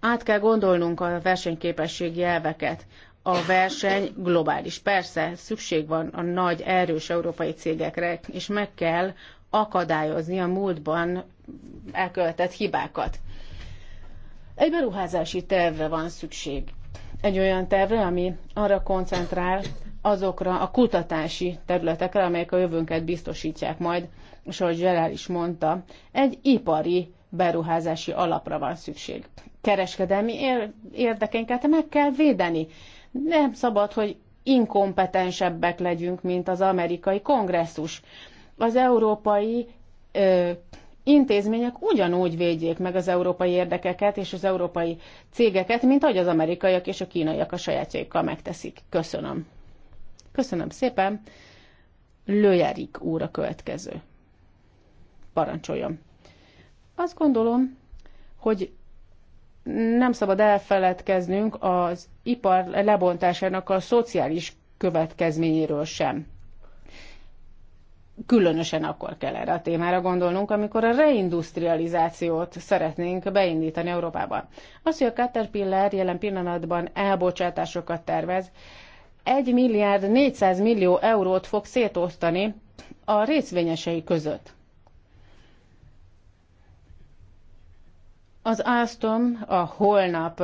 át kell gondolnunk a versenyképességi elveket. A verseny globális. Persze szükség van a nagy, erős európai cégekre, és meg kell akadályozni a múltban elkövetett hibákat. Egy beruházási tervre van szükség. Egy olyan tervre, ami arra koncentrál azokra a kutatási területekre, amelyek a jövőnket biztosítják majd, és ahogy Zserál is mondta, egy ipari beruházási alapra van szükség. Kereskedelmi érdekeinket meg kell védeni. Nem szabad, hogy inkompetensebbek legyünk, mint az amerikai kongresszus. Az európai ö, intézmények ugyanúgy védjék meg az európai érdekeket és az európai cégeket, mint ahogy az amerikaiak és a kínaiak a sajátjaikkal megteszik. Köszönöm. Köszönöm szépen. Lőjerik úr a következő. Parancsoljon. Azt gondolom, hogy nem szabad elfeledkeznünk az ipar lebontásának a szociális következményéről sem. Különösen akkor kell erre a témára gondolnunk, amikor a reindustrializációt szeretnénk beindítani Európában. Az, hogy a Caterpillar jelen pillanatban elbocsátásokat tervez, 1 milliárd 400 millió eurót fog szétosztani a részvényesei között. Az Alstom a holnap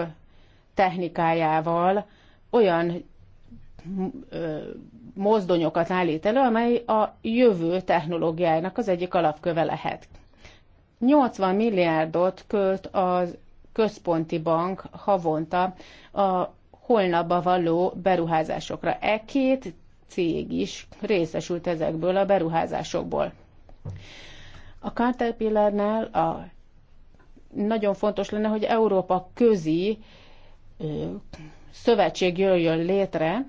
technikájával olyan mozdonyokat állít elő, amely a jövő technológiájának az egyik alapköve lehet. 80 milliárdot költ a központi bank havonta a holnapba való beruházásokra. E két cég is részesült ezekből a beruházásokból. A Caterpillarnál, a nagyon fontos lenne, hogy Európa közi szövetség jöjjön létre,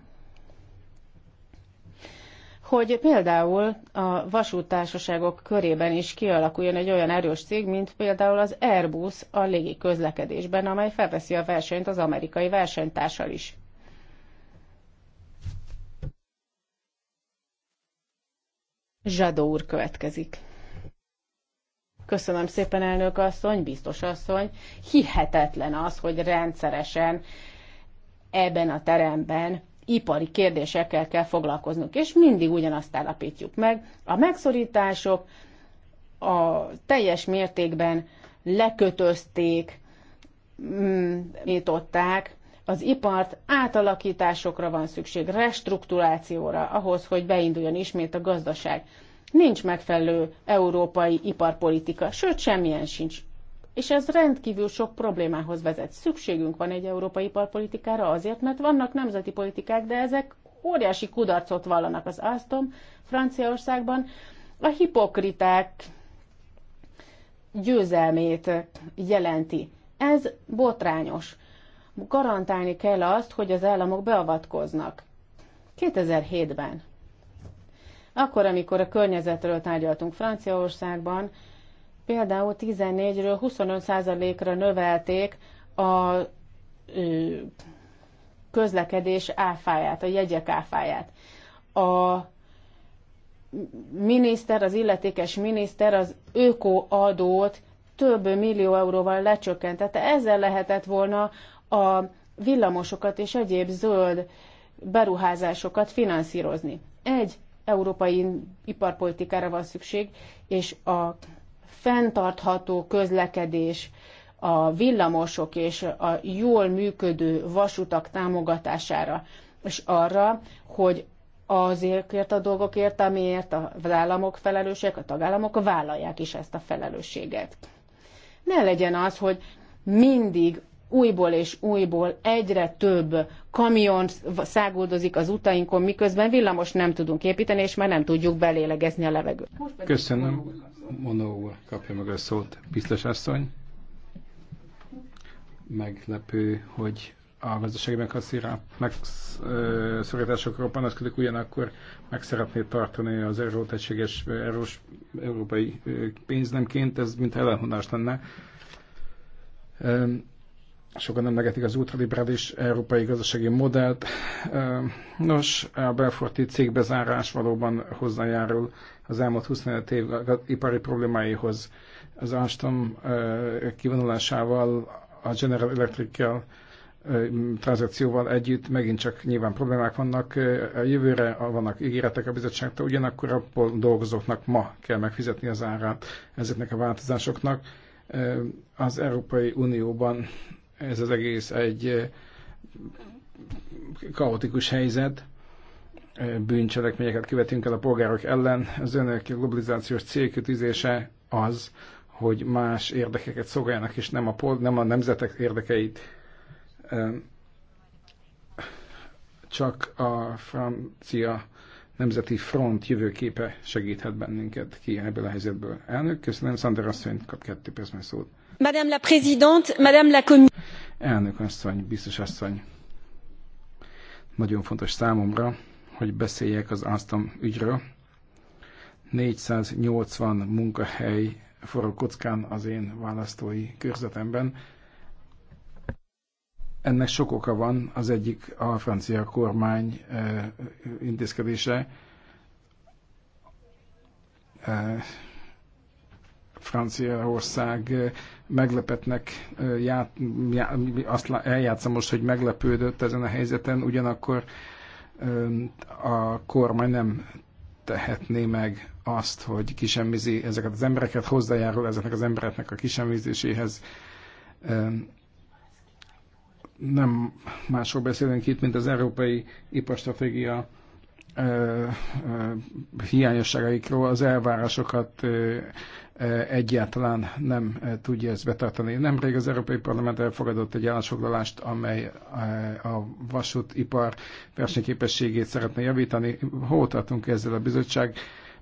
hogy például a vasútársaságok körében is kialakuljon egy olyan erős cég, mint például az Airbus a légi közlekedésben, amely felveszi a versenyt az amerikai versenytársal is. Zsadó úr következik. Köszönöm szépen, elnök asszony, biztos asszony. Hihetetlen az, hogy rendszeresen ebben a teremben ipari kérdésekkel kell foglalkoznunk, és mindig ugyanazt állapítjuk meg. A megszorítások a teljes mértékben lekötözték, mm, nyitották, az ipart átalakításokra van szükség, restrukturációra, ahhoz, hogy beinduljon ismét a gazdaság. Nincs megfelelő európai iparpolitika, sőt semmilyen sincs. És ez rendkívül sok problémához vezet. Szükségünk van egy európai iparpolitikára azért, mert vannak nemzeti politikák, de ezek óriási kudarcot vallanak az Alstom Franciaországban. A hipokriták győzelmét jelenti. Ez botrányos. Garantálni kell azt, hogy az államok beavatkoznak. 2007-ben akkor, amikor a környezetről tárgyaltunk Franciaországban, például 14-ről 25%-ra növelték a közlekedés áfáját, a jegyek áfáját. A miniszter, az illetékes miniszter az ökoadót több millió euróval lecsökkentette. Ezzel lehetett volna a villamosokat és egyéb zöld beruházásokat finanszírozni. Egy európai iparpolitikára van szükség, és a fenntartható közlekedés, a villamosok és a jól működő vasutak támogatására, és arra, hogy azért a dolgokért, amiért az államok felelősek, a tagállamok vállalják is ezt a felelősséget. Ne legyen az, hogy mindig újból és újból egyre több kamion száguldozik az utainkon, miközben villamos nem tudunk építeni, és már nem tudjuk belélegezni a levegőt. Köszönöm. Monó kapja meg a szót. Biztos asszony. Meglepő, hogy a gazdasági megszorításokról panaszkodik, ugyanakkor meg szeretné tartani az erőt, egységes erős európai pénznemként, ez mint ellenhonás lenne sokan emlegetik az ultraliberális európai gazdasági modellt. Nos, a belforti cégbezárás valóban hozzájárul az elmúlt 25 év ipari problémáihoz. Az Alstom kivonulásával, a General electric transzakcióval tranzakcióval együtt megint csak nyilván problémák vannak. A jövőre vannak ígéretek a bizottságtól, ugyanakkor a dolgozóknak ma kell megfizetni az árát ezeknek a változásoknak az Európai Unióban ez az egész egy eh, kaotikus helyzet, eh, bűncselekményeket követünk el a polgárok ellen. Az önök globalizációs célkötűzése az, hogy más érdekeket szolgáljanak, és nem a, pol, nem a nemzetek érdekeit. Csak a francia nemzeti front jövőképe segíthet bennünket ki ebből a helyzetből. Elnök, köszönöm, Szander asszony kap kettő percben szót. Madame la Présidente, Madame la Commissaire. Elnök asszony, biztos asszony. Nagyon fontos számomra, hogy beszéljek az Aston ügyről. 480 munkahely forró kockán az én választói körzetemben. Ennek sok oka van, az egyik a francia kormány eh, intézkedése, eh, Franciaország meglepetnek, ját, já, azt most, hogy meglepődött ezen a helyzeten, ugyanakkor a kormány nem tehetné meg azt, hogy kisemmizi ezeket az embereket, hozzájárul ezeknek az embereknek a kisemmizéséhez. Nem másról beszélünk itt, mint az európai iparstratégia hiányosságaikról, az elvárásokat egyáltalán nem tudja ezt betartani. Nemrég az Európai Parlament elfogadott egy állásfoglalást, amely a vasútipar versenyképességét szeretne javítani. Hol tartunk ezzel a bizottság?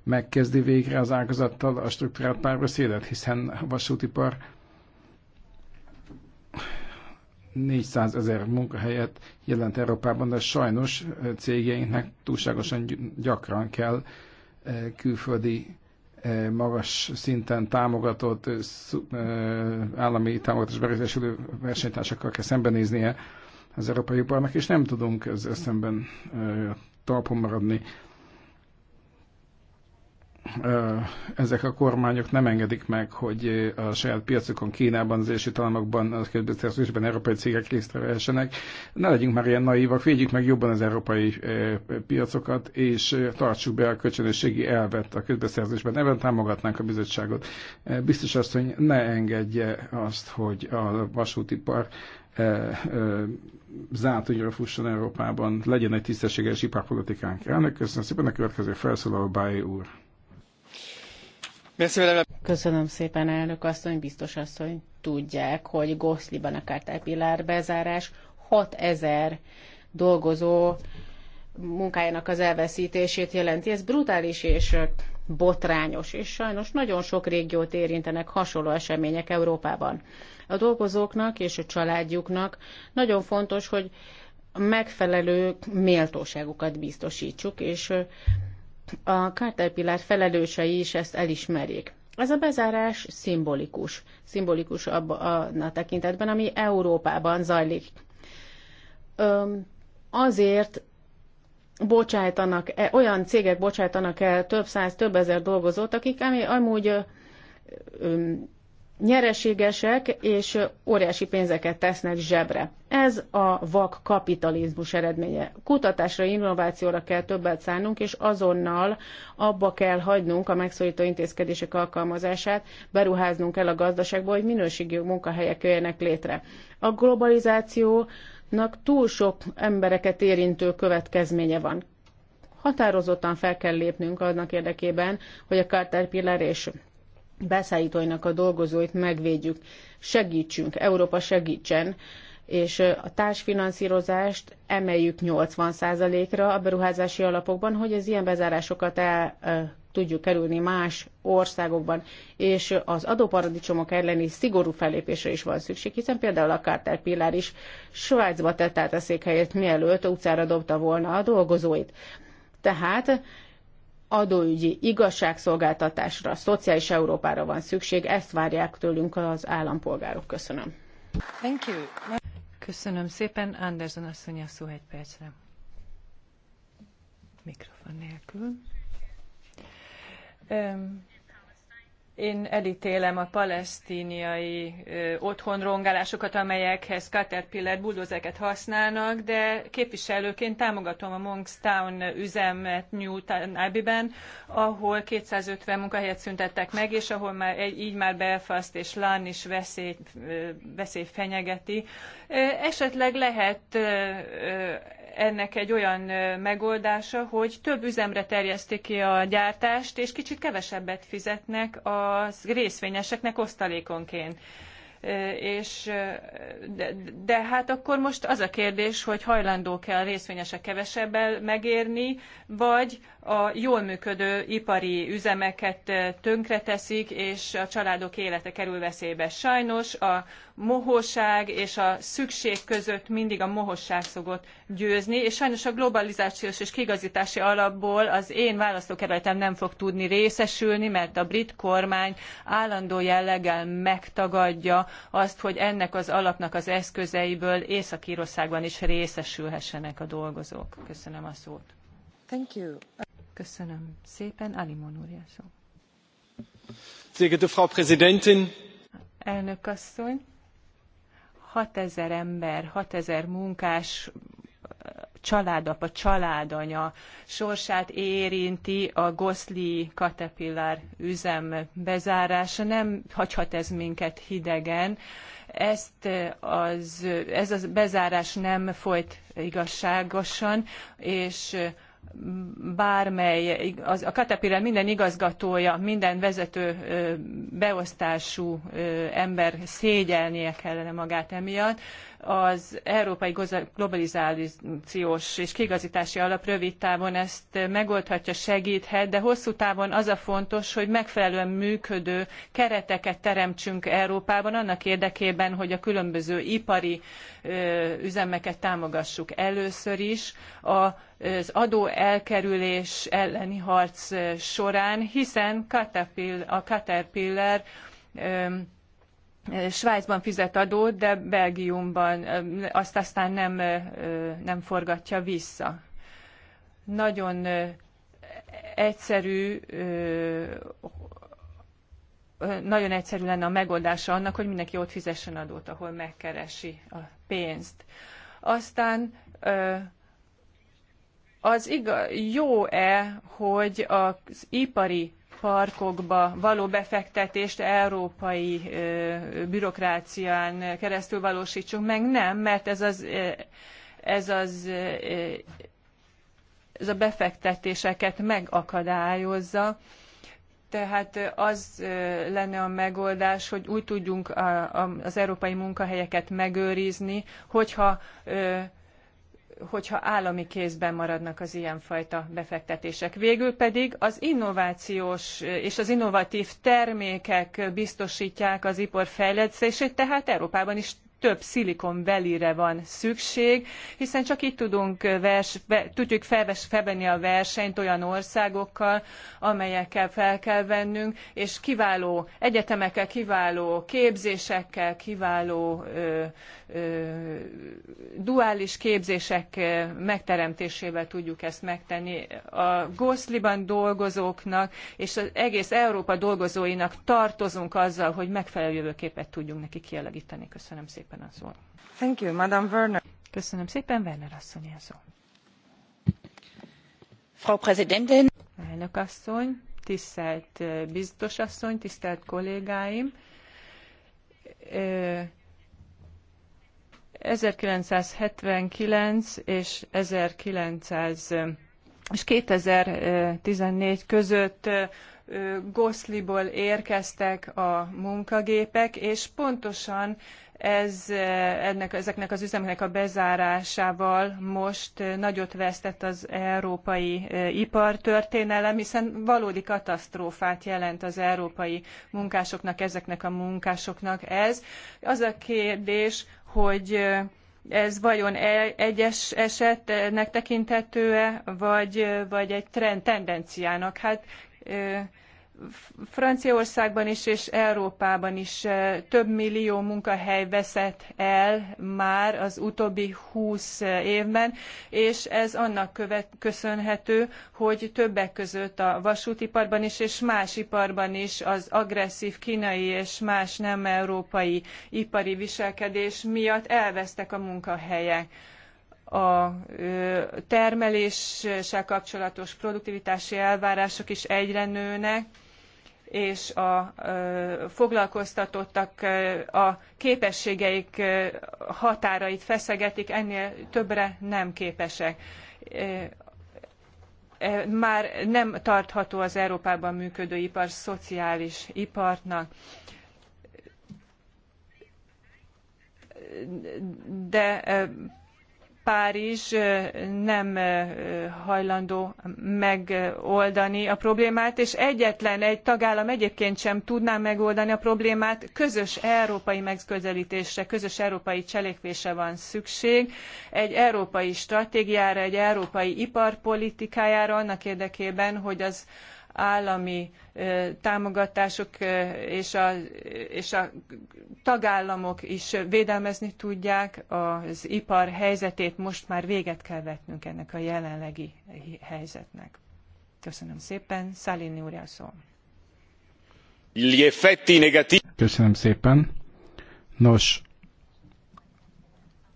Megkezdi végre az ágazattal a struktúrált párbeszédet, hiszen a vasútipar 400 ezer munkahelyet jelent Európában, de sajnos cégeinknek túlságosan gyakran kell külföldi magas szinten támogatott állami támogatás berendezésülő versenytársakkal kell szembenéznie az Európai Iparnak, és nem tudunk ezzel szemben talpon maradni ezek a kormányok nem engedik meg, hogy a saját piacokon Kínában, az Egyesült Államokban, a közbeszerzésben európai cégek részt vehessenek. Ne legyünk már ilyen naívak, védjük meg jobban az európai piacokat, és tartsuk be a kölcsönösségi elvet a közbeszerzésben. Ebben támogatnánk a bizottságot. Biztos azt, hogy ne engedje azt, hogy a vasútipar zárt ügyre fusson Európában, legyen egy tisztességes iparpolitikánk. Elnök, köszönöm szépen a következő felszólaló Bájé úr. Köszönöm szépen, elnök asszony, biztos asszony. Tudják, hogy Goszliban a kártárpillár bezárás 6000 dolgozó munkájának az elveszítését jelenti. Ez brutális és botrányos, és sajnos nagyon sok régiót érintenek hasonló események Európában. A dolgozóknak és a családjuknak nagyon fontos, hogy megfelelő méltóságukat biztosítsuk, és a Caterpillar felelősei is ezt elismerik. Ez a bezárás szimbolikus. Szimbolikus abban a tekintetben, ami Európában zajlik. Öm, azért bocsájtanak, e, olyan cégek bocsájtanak el több száz, több ezer dolgozót, akik ami amúgy öm, nyereségesek és óriási pénzeket tesznek zsebre. Ez a vak kapitalizmus eredménye. Kutatásra, innovációra kell többet szánnunk, és azonnal abba kell hagynunk a megszorító intézkedések alkalmazását, beruháznunk kell a gazdaságba, hogy minőségi munkahelyek jöjjenek létre. A globalizációnak túl sok embereket érintő következménye van határozottan fel kell lépnünk annak érdekében, hogy a Pillar és beszállítóinak a dolgozóit megvédjük, segítsünk, Európa segítsen, és a társfinanszírozást emeljük 80%-ra a beruházási alapokban, hogy az ilyen bezárásokat el tudjuk kerülni más országokban, és az adóparadicsomok elleni szigorú fellépésre is van szükség, hiszen például a Carter Pillar is Svájcba tett át a székhelyét, mielőtt utcára dobta volna a dolgozóit. Tehát adóügyi igazságszolgáltatásra, szociális Európára van szükség, ezt várják tőlünk az állampolgárok. Köszönöm. Thank you. Köszönöm szépen. Anderson asszony a szó egy percre. Mikrofon nélkül. Um, én elítélem a palesztíniai otthonrongálásokat, amelyekhez caterpillar buldozeket használnak, de képviselőként támogatom a Monkstown üzemet Newton Abbey-ben, ahol 250 munkahelyet szüntettek meg, és ahol már így már Belfast és Lann is veszély, veszély fenyegeti. Esetleg lehet ennek egy olyan megoldása, hogy több üzemre terjesztik ki a gyártást, és kicsit kevesebbet fizetnek a részvényeseknek osztalékonként és de, de, hát akkor most az a kérdés, hogy hajlandók-e a részvényesek kevesebbel megérni, vagy a jól működő ipari üzemeket eh, tönkreteszik, és a családok élete kerül veszélybe. Sajnos a mohóság és a szükség között mindig a mohosság szokott győzni, és sajnos a globalizációs és kigazítási alapból az én választókerületem nem fog tudni részesülni, mert a brit kormány állandó jelleggel megtagadja azt, hogy ennek az alapnak az eszközeiből Észak-Írországban is részesülhessenek a dolgozók. Köszönöm a szót. Thank you. Köszönöm szépen. úr, Sehr geehrte Frau Präsidentin! Elnök asszony, 6000 ember, 6000 munkás családapa, családanya sorsát érinti a Goszli Caterpillar üzem bezárása. Nem hagyhat ez minket hidegen. Ezt az, ez a bezárás nem folyt igazságosan, és bármely, az, a Caterpillar minden igazgatója, minden vezető beosztású ember szégyelnie kellene magát emiatt, az európai globalizációs és kigazítási alap rövid távon ezt megoldhatja, segíthet, de hosszú távon az a fontos, hogy megfelelően működő kereteket teremtsünk Európában annak érdekében, hogy a különböző ipari üzemeket támogassuk először is. A az adóelkerülés elleni harc során, hiszen a Caterpillar Svájcban fizet adót, de Belgiumban azt aztán nem, nem forgatja vissza. Nagyon egyszerű nagyon egyszerű lenne a megoldása annak, hogy mindenki ott fizessen adót, ahol megkeresi a pénzt. Aztán az igaz, jó-e, hogy az ipari parkokba való befektetést európai bürokrácián keresztül valósítsunk meg. Nem, mert ez az, ez az ez a befektetéseket megakadályozza. Tehát az lenne a megoldás, hogy úgy tudjunk az európai munkahelyeket megőrizni, hogyha hogyha állami kézben maradnak az ilyenfajta befektetések. Végül pedig az innovációs és az innovatív termékek biztosítják az ipar fejlesztését, tehát Európában is több szilikon velire van szükség, hiszen csak itt tudunk vers, be, tudjuk felves, felvenni a versenyt olyan országokkal, amelyekkel fel kell vennünk, és kiváló egyetemekkel, kiváló képzésekkel, kiváló ö, ö, duális képzések megteremtésével tudjuk ezt megtenni. A Goszliban dolgozóknak és az egész Európa dolgozóinak tartozunk azzal, hogy megfelelő jövőképet tudjunk neki kialakítani. Köszönöm szépen szépen a szót. Thank you, Madam Werner. Köszönöm szépen, Werner asszony a szó. Frau Präsidentin. Elnök asszony, tisztelt biztos asszony, tisztelt kollégáim. 1979 és 1900 és 2014 között Goszliból érkeztek a munkagépek, és pontosan ez, eh, ennek, ezeknek az üzemeknek a bezárásával most eh, nagyot vesztett az európai eh, ipartörténelem, hiszen valódi katasztrófát jelent az európai munkásoknak, ezeknek a munkásoknak ez. Az a kérdés, hogy ez vajon e, egyes esetnek tekinthető-e, vagy, vagy egy trend, tendenciának? Hát Franciaországban is és Európában is eh, több millió munkahely veszett el már az utóbbi 20 eh, évben, és ez annak követ, köszönhető, hogy többek között a vasútiparban is és más iparban is az agresszív kínai és más nem európai ipari viselkedés miatt elvesztek a munkahelyek a termeléssel kapcsolatos produktivitási elvárások is egyre nőnek, és a foglalkoztatottak a képességeik határait feszegetik, ennél többre nem képesek. Már nem tartható az Európában működő ipar szociális iparnak. De Párizs nem hajlandó megoldani a problémát, és egyetlen egy tagállam egyébként sem tudná megoldani a problémát. Közös európai megközelítésre, közös európai cselekvésre van szükség, egy európai stratégiára, egy európai iparpolitikájára annak érdekében, hogy az állami támogatások és a, és a tagállamok is védelmezni tudják az ipar helyzetét. Most már véget kell vetnünk ennek a jelenlegi helyzetnek. Köszönöm szépen. Szalini úr szól. Köszönöm szépen. Nos,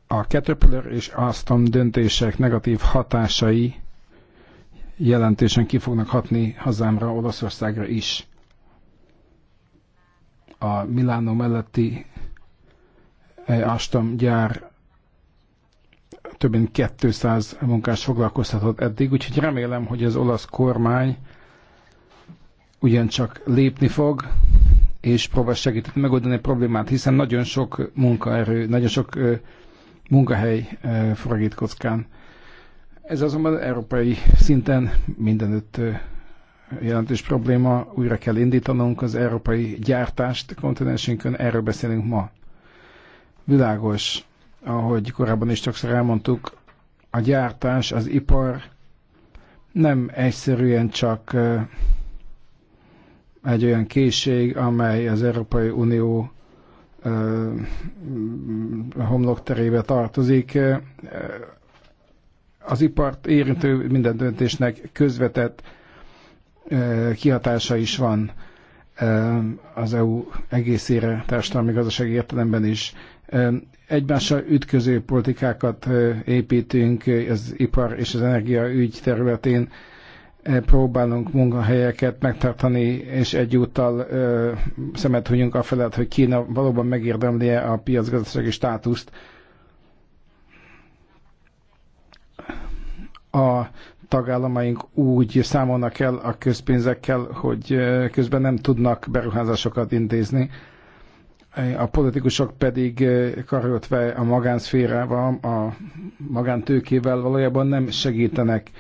a Caterpillar és Aston döntések negatív hatásai jelentősen ki fognak hatni hazámra, Olaszországra is. A Milánó melletti eh, Astam gyár több mint 200 munkás foglalkoztatott eddig, úgyhogy remélem, hogy az olasz kormány ugyancsak lépni fog, és próbál segíteni megoldani a problémát, hiszen nagyon sok munkaerő, nagyon sok eh, munkahely eh, forragít kockán. Ez azonban európai szinten mindenütt jelentős probléma, újra kell indítanunk az európai gyártást kontinensünkön, erről beszélünk ma. Világos, ahogy korábban is sokszor elmondtuk, a gyártás, az ipar nem egyszerűen csak egy olyan készség, amely az Európai Unió homlokterébe tartozik az ipart érintő minden döntésnek közvetett kihatása is van az EU egészére, társadalmi gazdasági értelemben is. Egymással ütköző politikákat építünk az ipar és az energia ügy területén, próbálunk munkahelyeket megtartani, és egyúttal szemet hunyunk felett, hogy Kína valóban megérdemli-e a piacgazdasági státuszt, a tagállamaink úgy számolnak el a közpénzekkel, hogy közben nem tudnak beruházásokat intézni, a politikusok pedig karöltve a magánszférával, a magántőkével valójában nem segítenek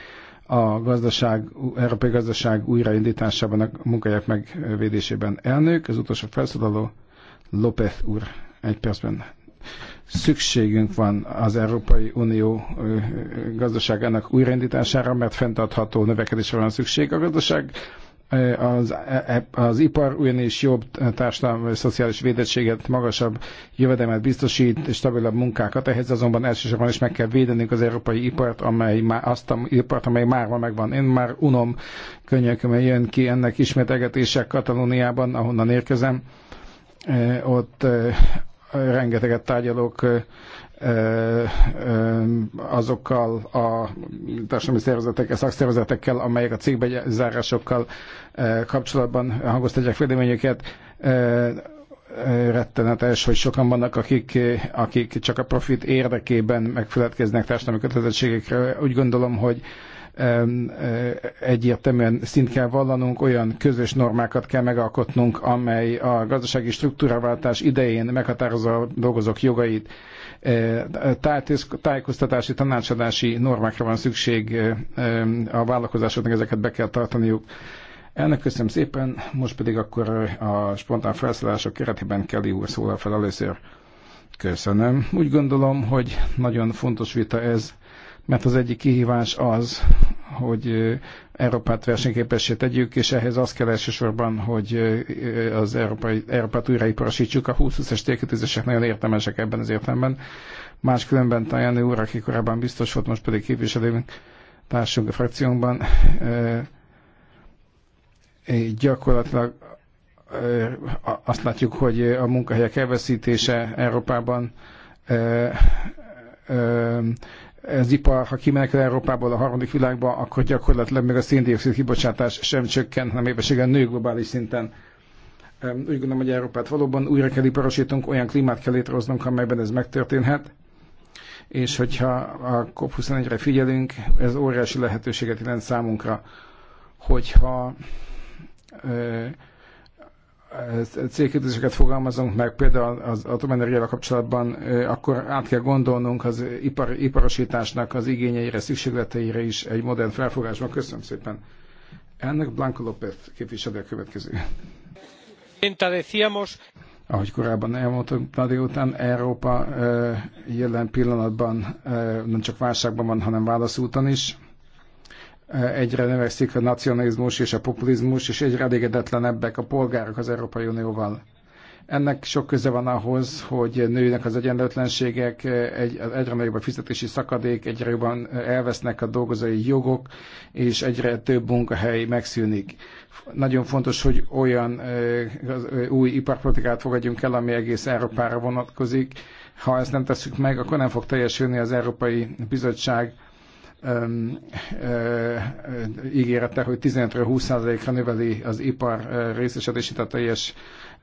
a gazdaság, európai gazdaság újraindításában, a munkahelyek megvédésében. Elnök, az utolsó felszólaló, López úr, egy percben. Szükségünk van az Európai Unió gazdaságának újraindítására, mert fenntartható növekedésre van szükség. A gazdaság az, e, e, az ipar ugyanis jobb társadalmi szociális védettséget, magasabb jövedelmet biztosít, stabilabb munkákat. Ehhez azonban elsősorban is meg kell védenünk az európai ipart, amely már, azt a ipart, amely már van megvan. Én már unom könnyökömön jön ki ennek ismételgetések Katalóniában, ahonnan érkezem. Ott rengeteget tárgyalok azokkal a társadalmi szervezetekkel, szakszervezetekkel, amelyek a cégbezárásokkal kapcsolatban hangoztatják véleményüket. Rettenetes, hogy sokan vannak, akik, akik csak a profit érdekében megfeledkeznek társadalmi kötelezettségekre. Úgy gondolom, hogy egyértelműen szint kell vallanunk, olyan közös normákat kell megalkotnunk, amely a gazdasági struktúraváltás idején meghatározza a dolgozók jogait. Tájékoztatási, tanácsadási normákra van szükség, a vállalkozásoknak ezeket be kell tartaniuk. Elnök, köszönöm szépen, most pedig akkor a spontán felszólások keretében Kelly úr szólal fel először. Köszönöm. Úgy gondolom, hogy nagyon fontos vita ez mert az egyik kihívás az, hogy Európát versenyképessé tegyük, és ehhez az kell elsősorban, hogy az Európai, Európát újraiparosítsuk. A 20-20-es térkötőzések nagyon értelmesek ebben az értelemben. Máskülönben Tajani úr, aki korábban biztos volt, most pedig képviselő társunk a frakciónkban, gyakorlatilag azt látjuk, hogy a munkahelyek elveszítése Európában az ipar, ha kimenekül Európából a harmadik világba, akkor gyakorlatilag még a széndiokszid kibocsátás sem csökken, hanem ébeségen nő globális szinten. Úgy gondolom, hogy Európát valóban újra kell iparosítunk, olyan klímát kell létrehoznunk, amelyben ez megtörténhet. És hogyha a COP21-re figyelünk, ez óriási lehetőséget jelent számunkra, hogyha célkérdéseket fogalmazunk meg, például az atomenergiával kapcsolatban, akkor át kell gondolnunk az ipar, iparosításnak az igényeire, szükségleteire is egy modern felfogásban. Köszönöm szépen. Ennek Blanco López képviselő a következő. Ahogy korábban elmondtuk, ma után Európa jelen pillanatban nem csak válságban van, hanem válaszúton is egyre növekszik a nacionalizmus és a populizmus, és egyre elégedetlenebbek a polgárok az Európai Unióval. Ennek sok köze van ahhoz, hogy nőnek az egyenlőtlenségek, egy, egyre nagyobb a fizetési szakadék, egyre jobban elvesznek a dolgozói jogok, és egyre több munkahely megszűnik. Nagyon fontos, hogy olyan új iparpolitikát fogadjunk el, ami egész Európára vonatkozik. Ha ezt nem tesszük meg, akkor nem fog teljesülni az Európai Bizottság ígérete, hogy 15 20%-ra növeli az ipar részesedését a teljes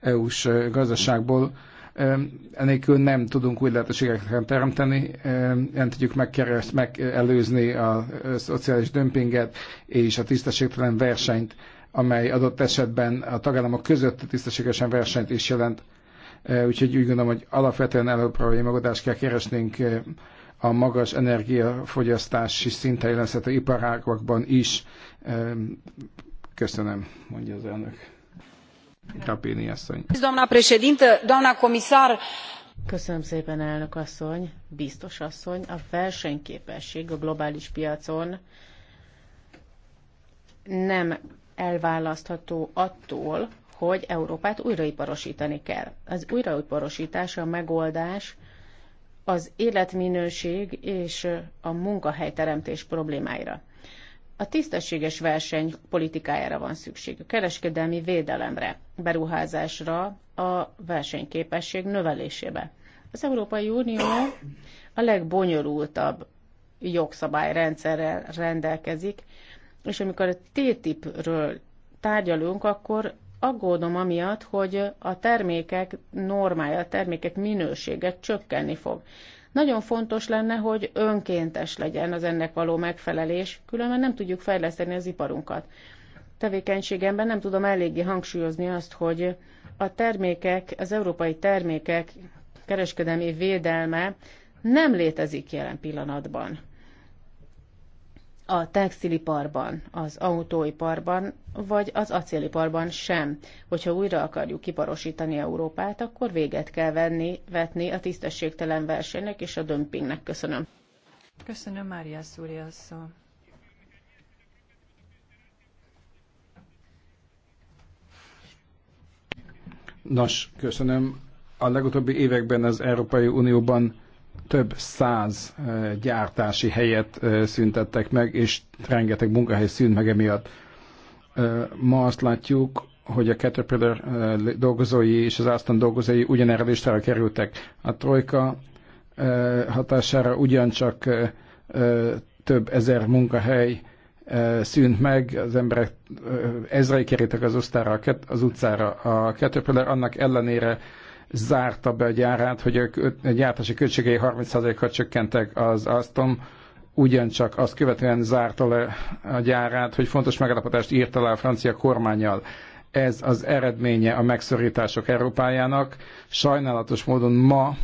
EU-s gazdaságból. Enélkül nem tudunk új lehetőségeket teremteni, nem tudjuk megkereszt, megelőzni a szociális dömpinget és a tisztességtelen versenyt, amely adott esetben a tagállamok között tisztességesen versenyt is jelent. Úgyhogy úgy gondolom, hogy alapvetően előbb problémagoldást kell keresnünk a magas energiafogyasztási szinten jelenzhető iparágokban is. Köszönöm, mondja az elnök. Kapéni asszony. Köszönöm szépen, elnök asszony, biztos asszony. A versenyképesség a globális piacon nem elválasztható attól, hogy Európát újraiparosítani kell. Az újraiparosítás a megoldás az életminőség és a munkahelyteremtés problémáira. A tisztességes verseny politikájára van szükség, a kereskedelmi védelemre, beruházásra, a versenyképesség növelésébe. Az Európai Unió a legbonyolultabb jogszabályrendszerrel rendelkezik, és amikor a TTIP-ről tárgyalunk, akkor aggódom amiatt, hogy a termékek normája, a termékek minősége csökkenni fog. Nagyon fontos lenne, hogy önkéntes legyen az ennek való megfelelés, különben nem tudjuk fejleszteni az iparunkat. Tevékenységemben nem tudom eléggé hangsúlyozni azt, hogy a termékek, az európai termékek kereskedelmi védelme nem létezik jelen pillanatban a textiliparban, az autóiparban, vagy az acéliparban sem. Hogyha újra akarjuk kiparosítani Európát, akkor véget kell venni, vetni a tisztességtelen versenynek és a dömpingnek. Köszönöm. Köszönöm, Mária Szúriasszó. Nos, köszönöm. A legutóbbi években az Európai Unióban több száz eh, gyártási helyet eh, szüntettek meg, és rengeteg munkahely szűnt meg emiatt. Eh, ma azt látjuk, hogy a Caterpillar dolgozói és az Aston dolgozói ugyanerre listára kerültek. A Trojka hatására ugyancsak több ezer munkahely szűnt meg, az emberek ezrei kerültek az, osztára, az utcára. A Caterpillar annak ellenére zárta be a gyárát, hogy a gyártási költségei 30%-kal csökkentek az Aston, ugyancsak azt követően zárta le a gyárát, hogy fontos megállapodást írt alá a francia kormányjal. Ez az eredménye a megszorítások Európájának. Sajnálatos módon ma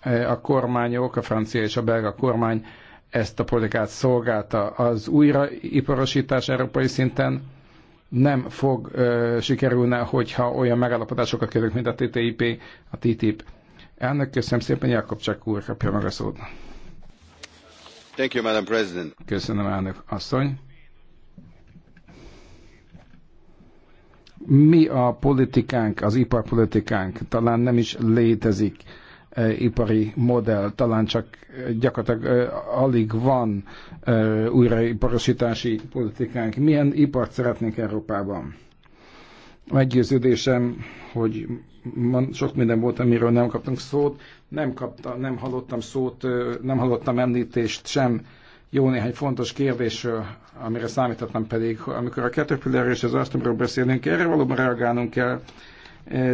e, a kormányok, a francia és a belga kormány ezt a politikát szolgálta. Az újraiparosítás európai szinten nem fog ö, sikerülne, hogyha olyan megállapodásokat kötünk, mint a TTIP, a TTIP. Elnök, köszönöm szépen, Jakob Csak úr kapja meg a szót. Thank you, Madam President. Köszönöm, elnök asszony. Mi a politikánk, az iparpolitikánk talán nem is létezik ipari modell, talán csak gyakorlatilag alig van újraiparosítási politikánk. Milyen ipart szeretnénk Európában? Meggyőződésem, hogy sok minden volt, amiről nem kaptunk szót, nem, kapta, nem hallottam szót, nem hallottam említést sem jó néhány fontos kérdés, amire számítottam pedig, amikor a Caterpillar és az Astonról beszélünk, erre valóban reagálnunk kell,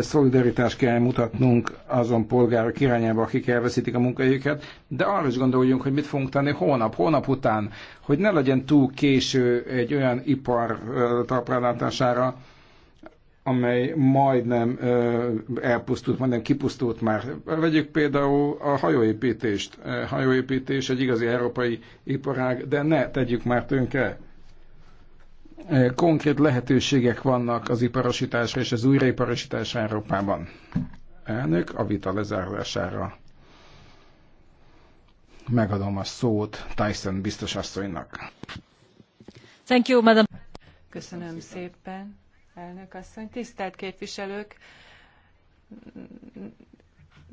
szolidaritást kell mutatnunk azon polgárok irányába, akik elveszítik a munkahelyüket, de arra is gondoljunk, hogy mit fogunk tenni holnap, holnap után, hogy ne legyen túl késő egy olyan ipar talprálátására, amely majdnem elpusztult, majdnem kipusztult már. Vegyük például a hajóépítést. Hajóépítés egy igazi európai iparág, de ne tegyük már tönkre konkrét lehetőségek vannak az iparosításra és az újraiparosításra Európában. Elnök a vita lezárására megadom a szót Tyson biztosasszonynak. Thank you, madam. Köszönöm szépen, elnök asszony. Tisztelt képviselők,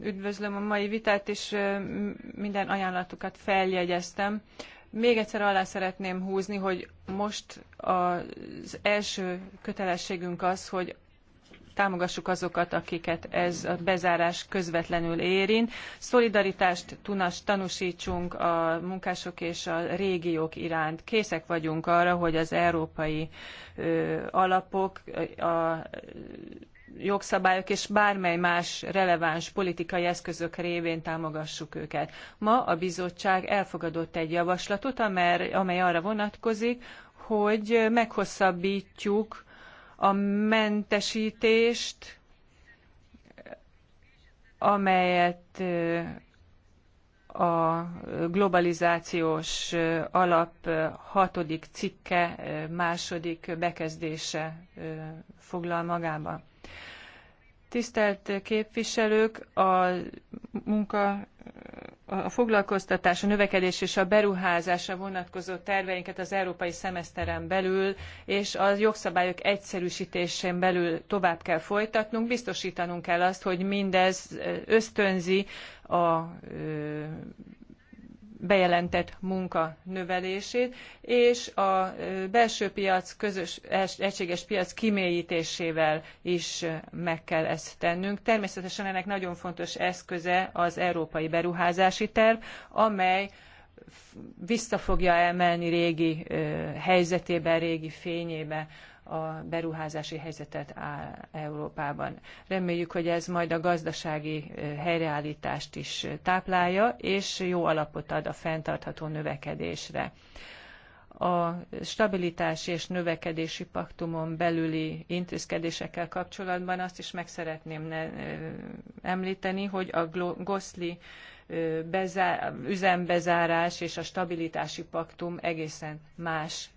üdvözlöm a mai vitát, és minden ajánlatukat feljegyeztem. Még egyszer alá szeretném húzni, hogy most az első kötelességünk az, hogy támogassuk azokat, akiket ez a bezárás közvetlenül érint. Szolidaritást tunas, tanúsítsunk a munkások és a régiók iránt. Készek vagyunk arra, hogy az európai ö, alapok a jogszabályok és bármely más releváns politikai eszközök révén támogassuk őket. Ma a bizottság elfogadott egy javaslatot, amely arra vonatkozik, hogy meghosszabbítjuk a mentesítést, amelyet a globalizációs alap hatodik cikke második bekezdése foglal magába. Tisztelt képviselők, a munka, a foglalkoztatás, a növekedés és a beruházásra vonatkozó terveinket az európai szemeszteren belül és a jogszabályok egyszerűsítésén belül tovább kell folytatnunk. Biztosítanunk kell azt, hogy mindez ösztönzi a bejelentett munka növelését, és a belső piac, közös egységes piac kimélyítésével is meg kell ezt tennünk. Természetesen ennek nagyon fontos eszköze az európai beruházási terv, amely vissza fogja emelni régi helyzetébe, régi fényébe a beruházási helyzetet Európában. Reméljük, hogy ez majd a gazdasági helyreállítást is táplálja, és jó alapot ad a fenntartható növekedésre. A stabilitási és növekedési paktumon belüli intézkedésekkel kapcsolatban azt is meg szeretném említeni, hogy a Goszli üzembezárás és a stabilitási paktum egészen más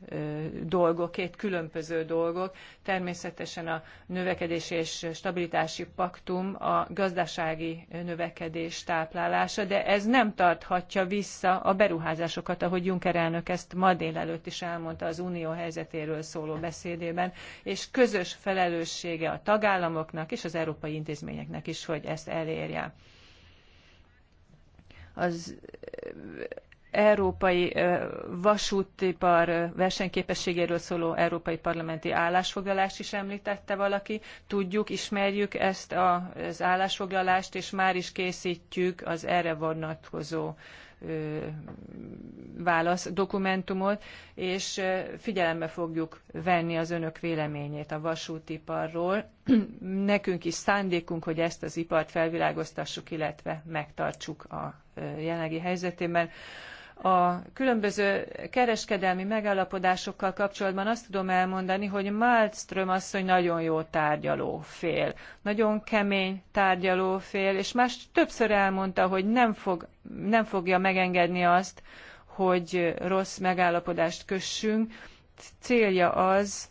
dolgok, két különböző dolgok. Természetesen a növekedés és stabilitási paktum a gazdasági növekedés táplálása, de ez nem tarthatja vissza a beruházásokat, ahogy Juncker elnök ezt ma délelőtt is elmondta az unió helyzetéről szóló beszédében, és közös felelőssége a tagállamoknak és az európai intézményeknek is, hogy ezt elérje az európai vasútipar versenyképességéről szóló európai parlamenti állásfoglalást is említette valaki. Tudjuk, ismerjük ezt az állásfoglalást, és már is készítjük az erre vonatkozó válasz dokumentumot, és figyelembe fogjuk venni az önök véleményét a vasútiparról. Nekünk is szándékunk, hogy ezt az ipart felvilágoztassuk, illetve megtartsuk a jelenlegi helyzetében a különböző kereskedelmi megállapodásokkal kapcsolatban azt tudom elmondani, hogy Malmström asszony nagyon jó tárgyaló fél, nagyon kemény tárgyaló fél, és más többször elmondta, hogy nem, fog, nem fogja megengedni azt, hogy rossz megállapodást kössünk. Célja az,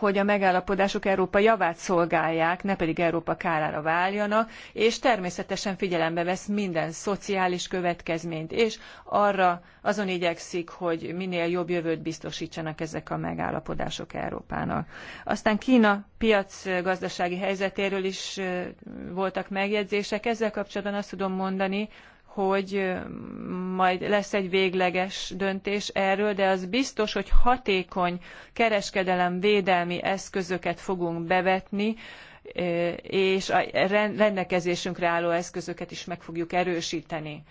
hogy a megállapodások Európa javát szolgálják, ne pedig Európa kárára váljanak, és természetesen figyelembe vesz minden szociális következményt, és arra azon igyekszik, hogy minél jobb jövőt biztosítsanak ezek a megállapodások Európának. Aztán Kína piacgazdasági helyzetéről is voltak megjegyzések. Ezzel kapcsolatban azt tudom mondani, hogy majd lesz egy végleges döntés erről, de az biztos, hogy hatékony kereskedelem védelmi eszközöket fogunk bevetni, és a rendelkezésünkre álló eszközöket is meg fogjuk erősíteni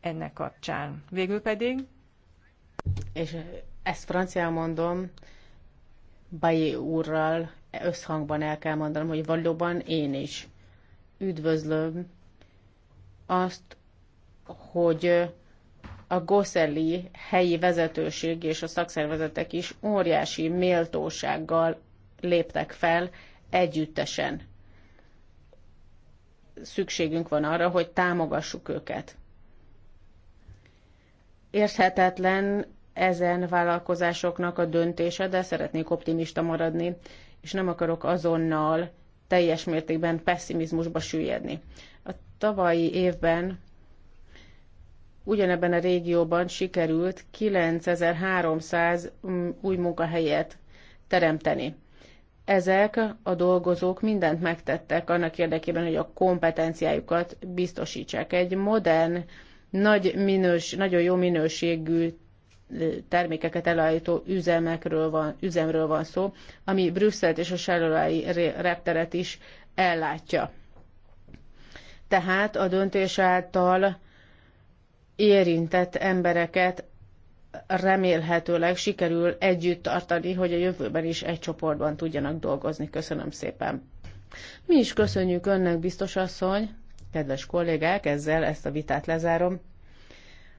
ennek kapcsán. Végül pedig. És ezt francián mondom, Bayé úrral összhangban el kell mondanom, hogy valóban én is üdvözlöm azt, hogy a Goszeli helyi vezetőség és a szakszervezetek is óriási méltósággal léptek fel együttesen. Szükségünk van arra, hogy támogassuk őket. Érthetetlen ezen vállalkozásoknak a döntése, de szeretnék optimista maradni, és nem akarok azonnal teljes mértékben pessimizmusba süllyedni. A tavalyi évben ugyanebben a régióban sikerült 9300 mm, új munkahelyet teremteni. Ezek a dolgozók mindent megtettek annak érdekében, hogy a kompetenciájukat biztosítsák. Egy modern, nagy minős, nagyon jó minőségű termékeket elállító üzemekről van, üzemről van szó, ami Brüsszelt és a Sárolai repteret is ellátja tehát a döntés által érintett embereket remélhetőleg sikerül együtt tartani, hogy a jövőben is egy csoportban tudjanak dolgozni. Köszönöm szépen. Mi is köszönjük önnek, biztos asszony, kedves kollégák, ezzel ezt a vitát lezárom.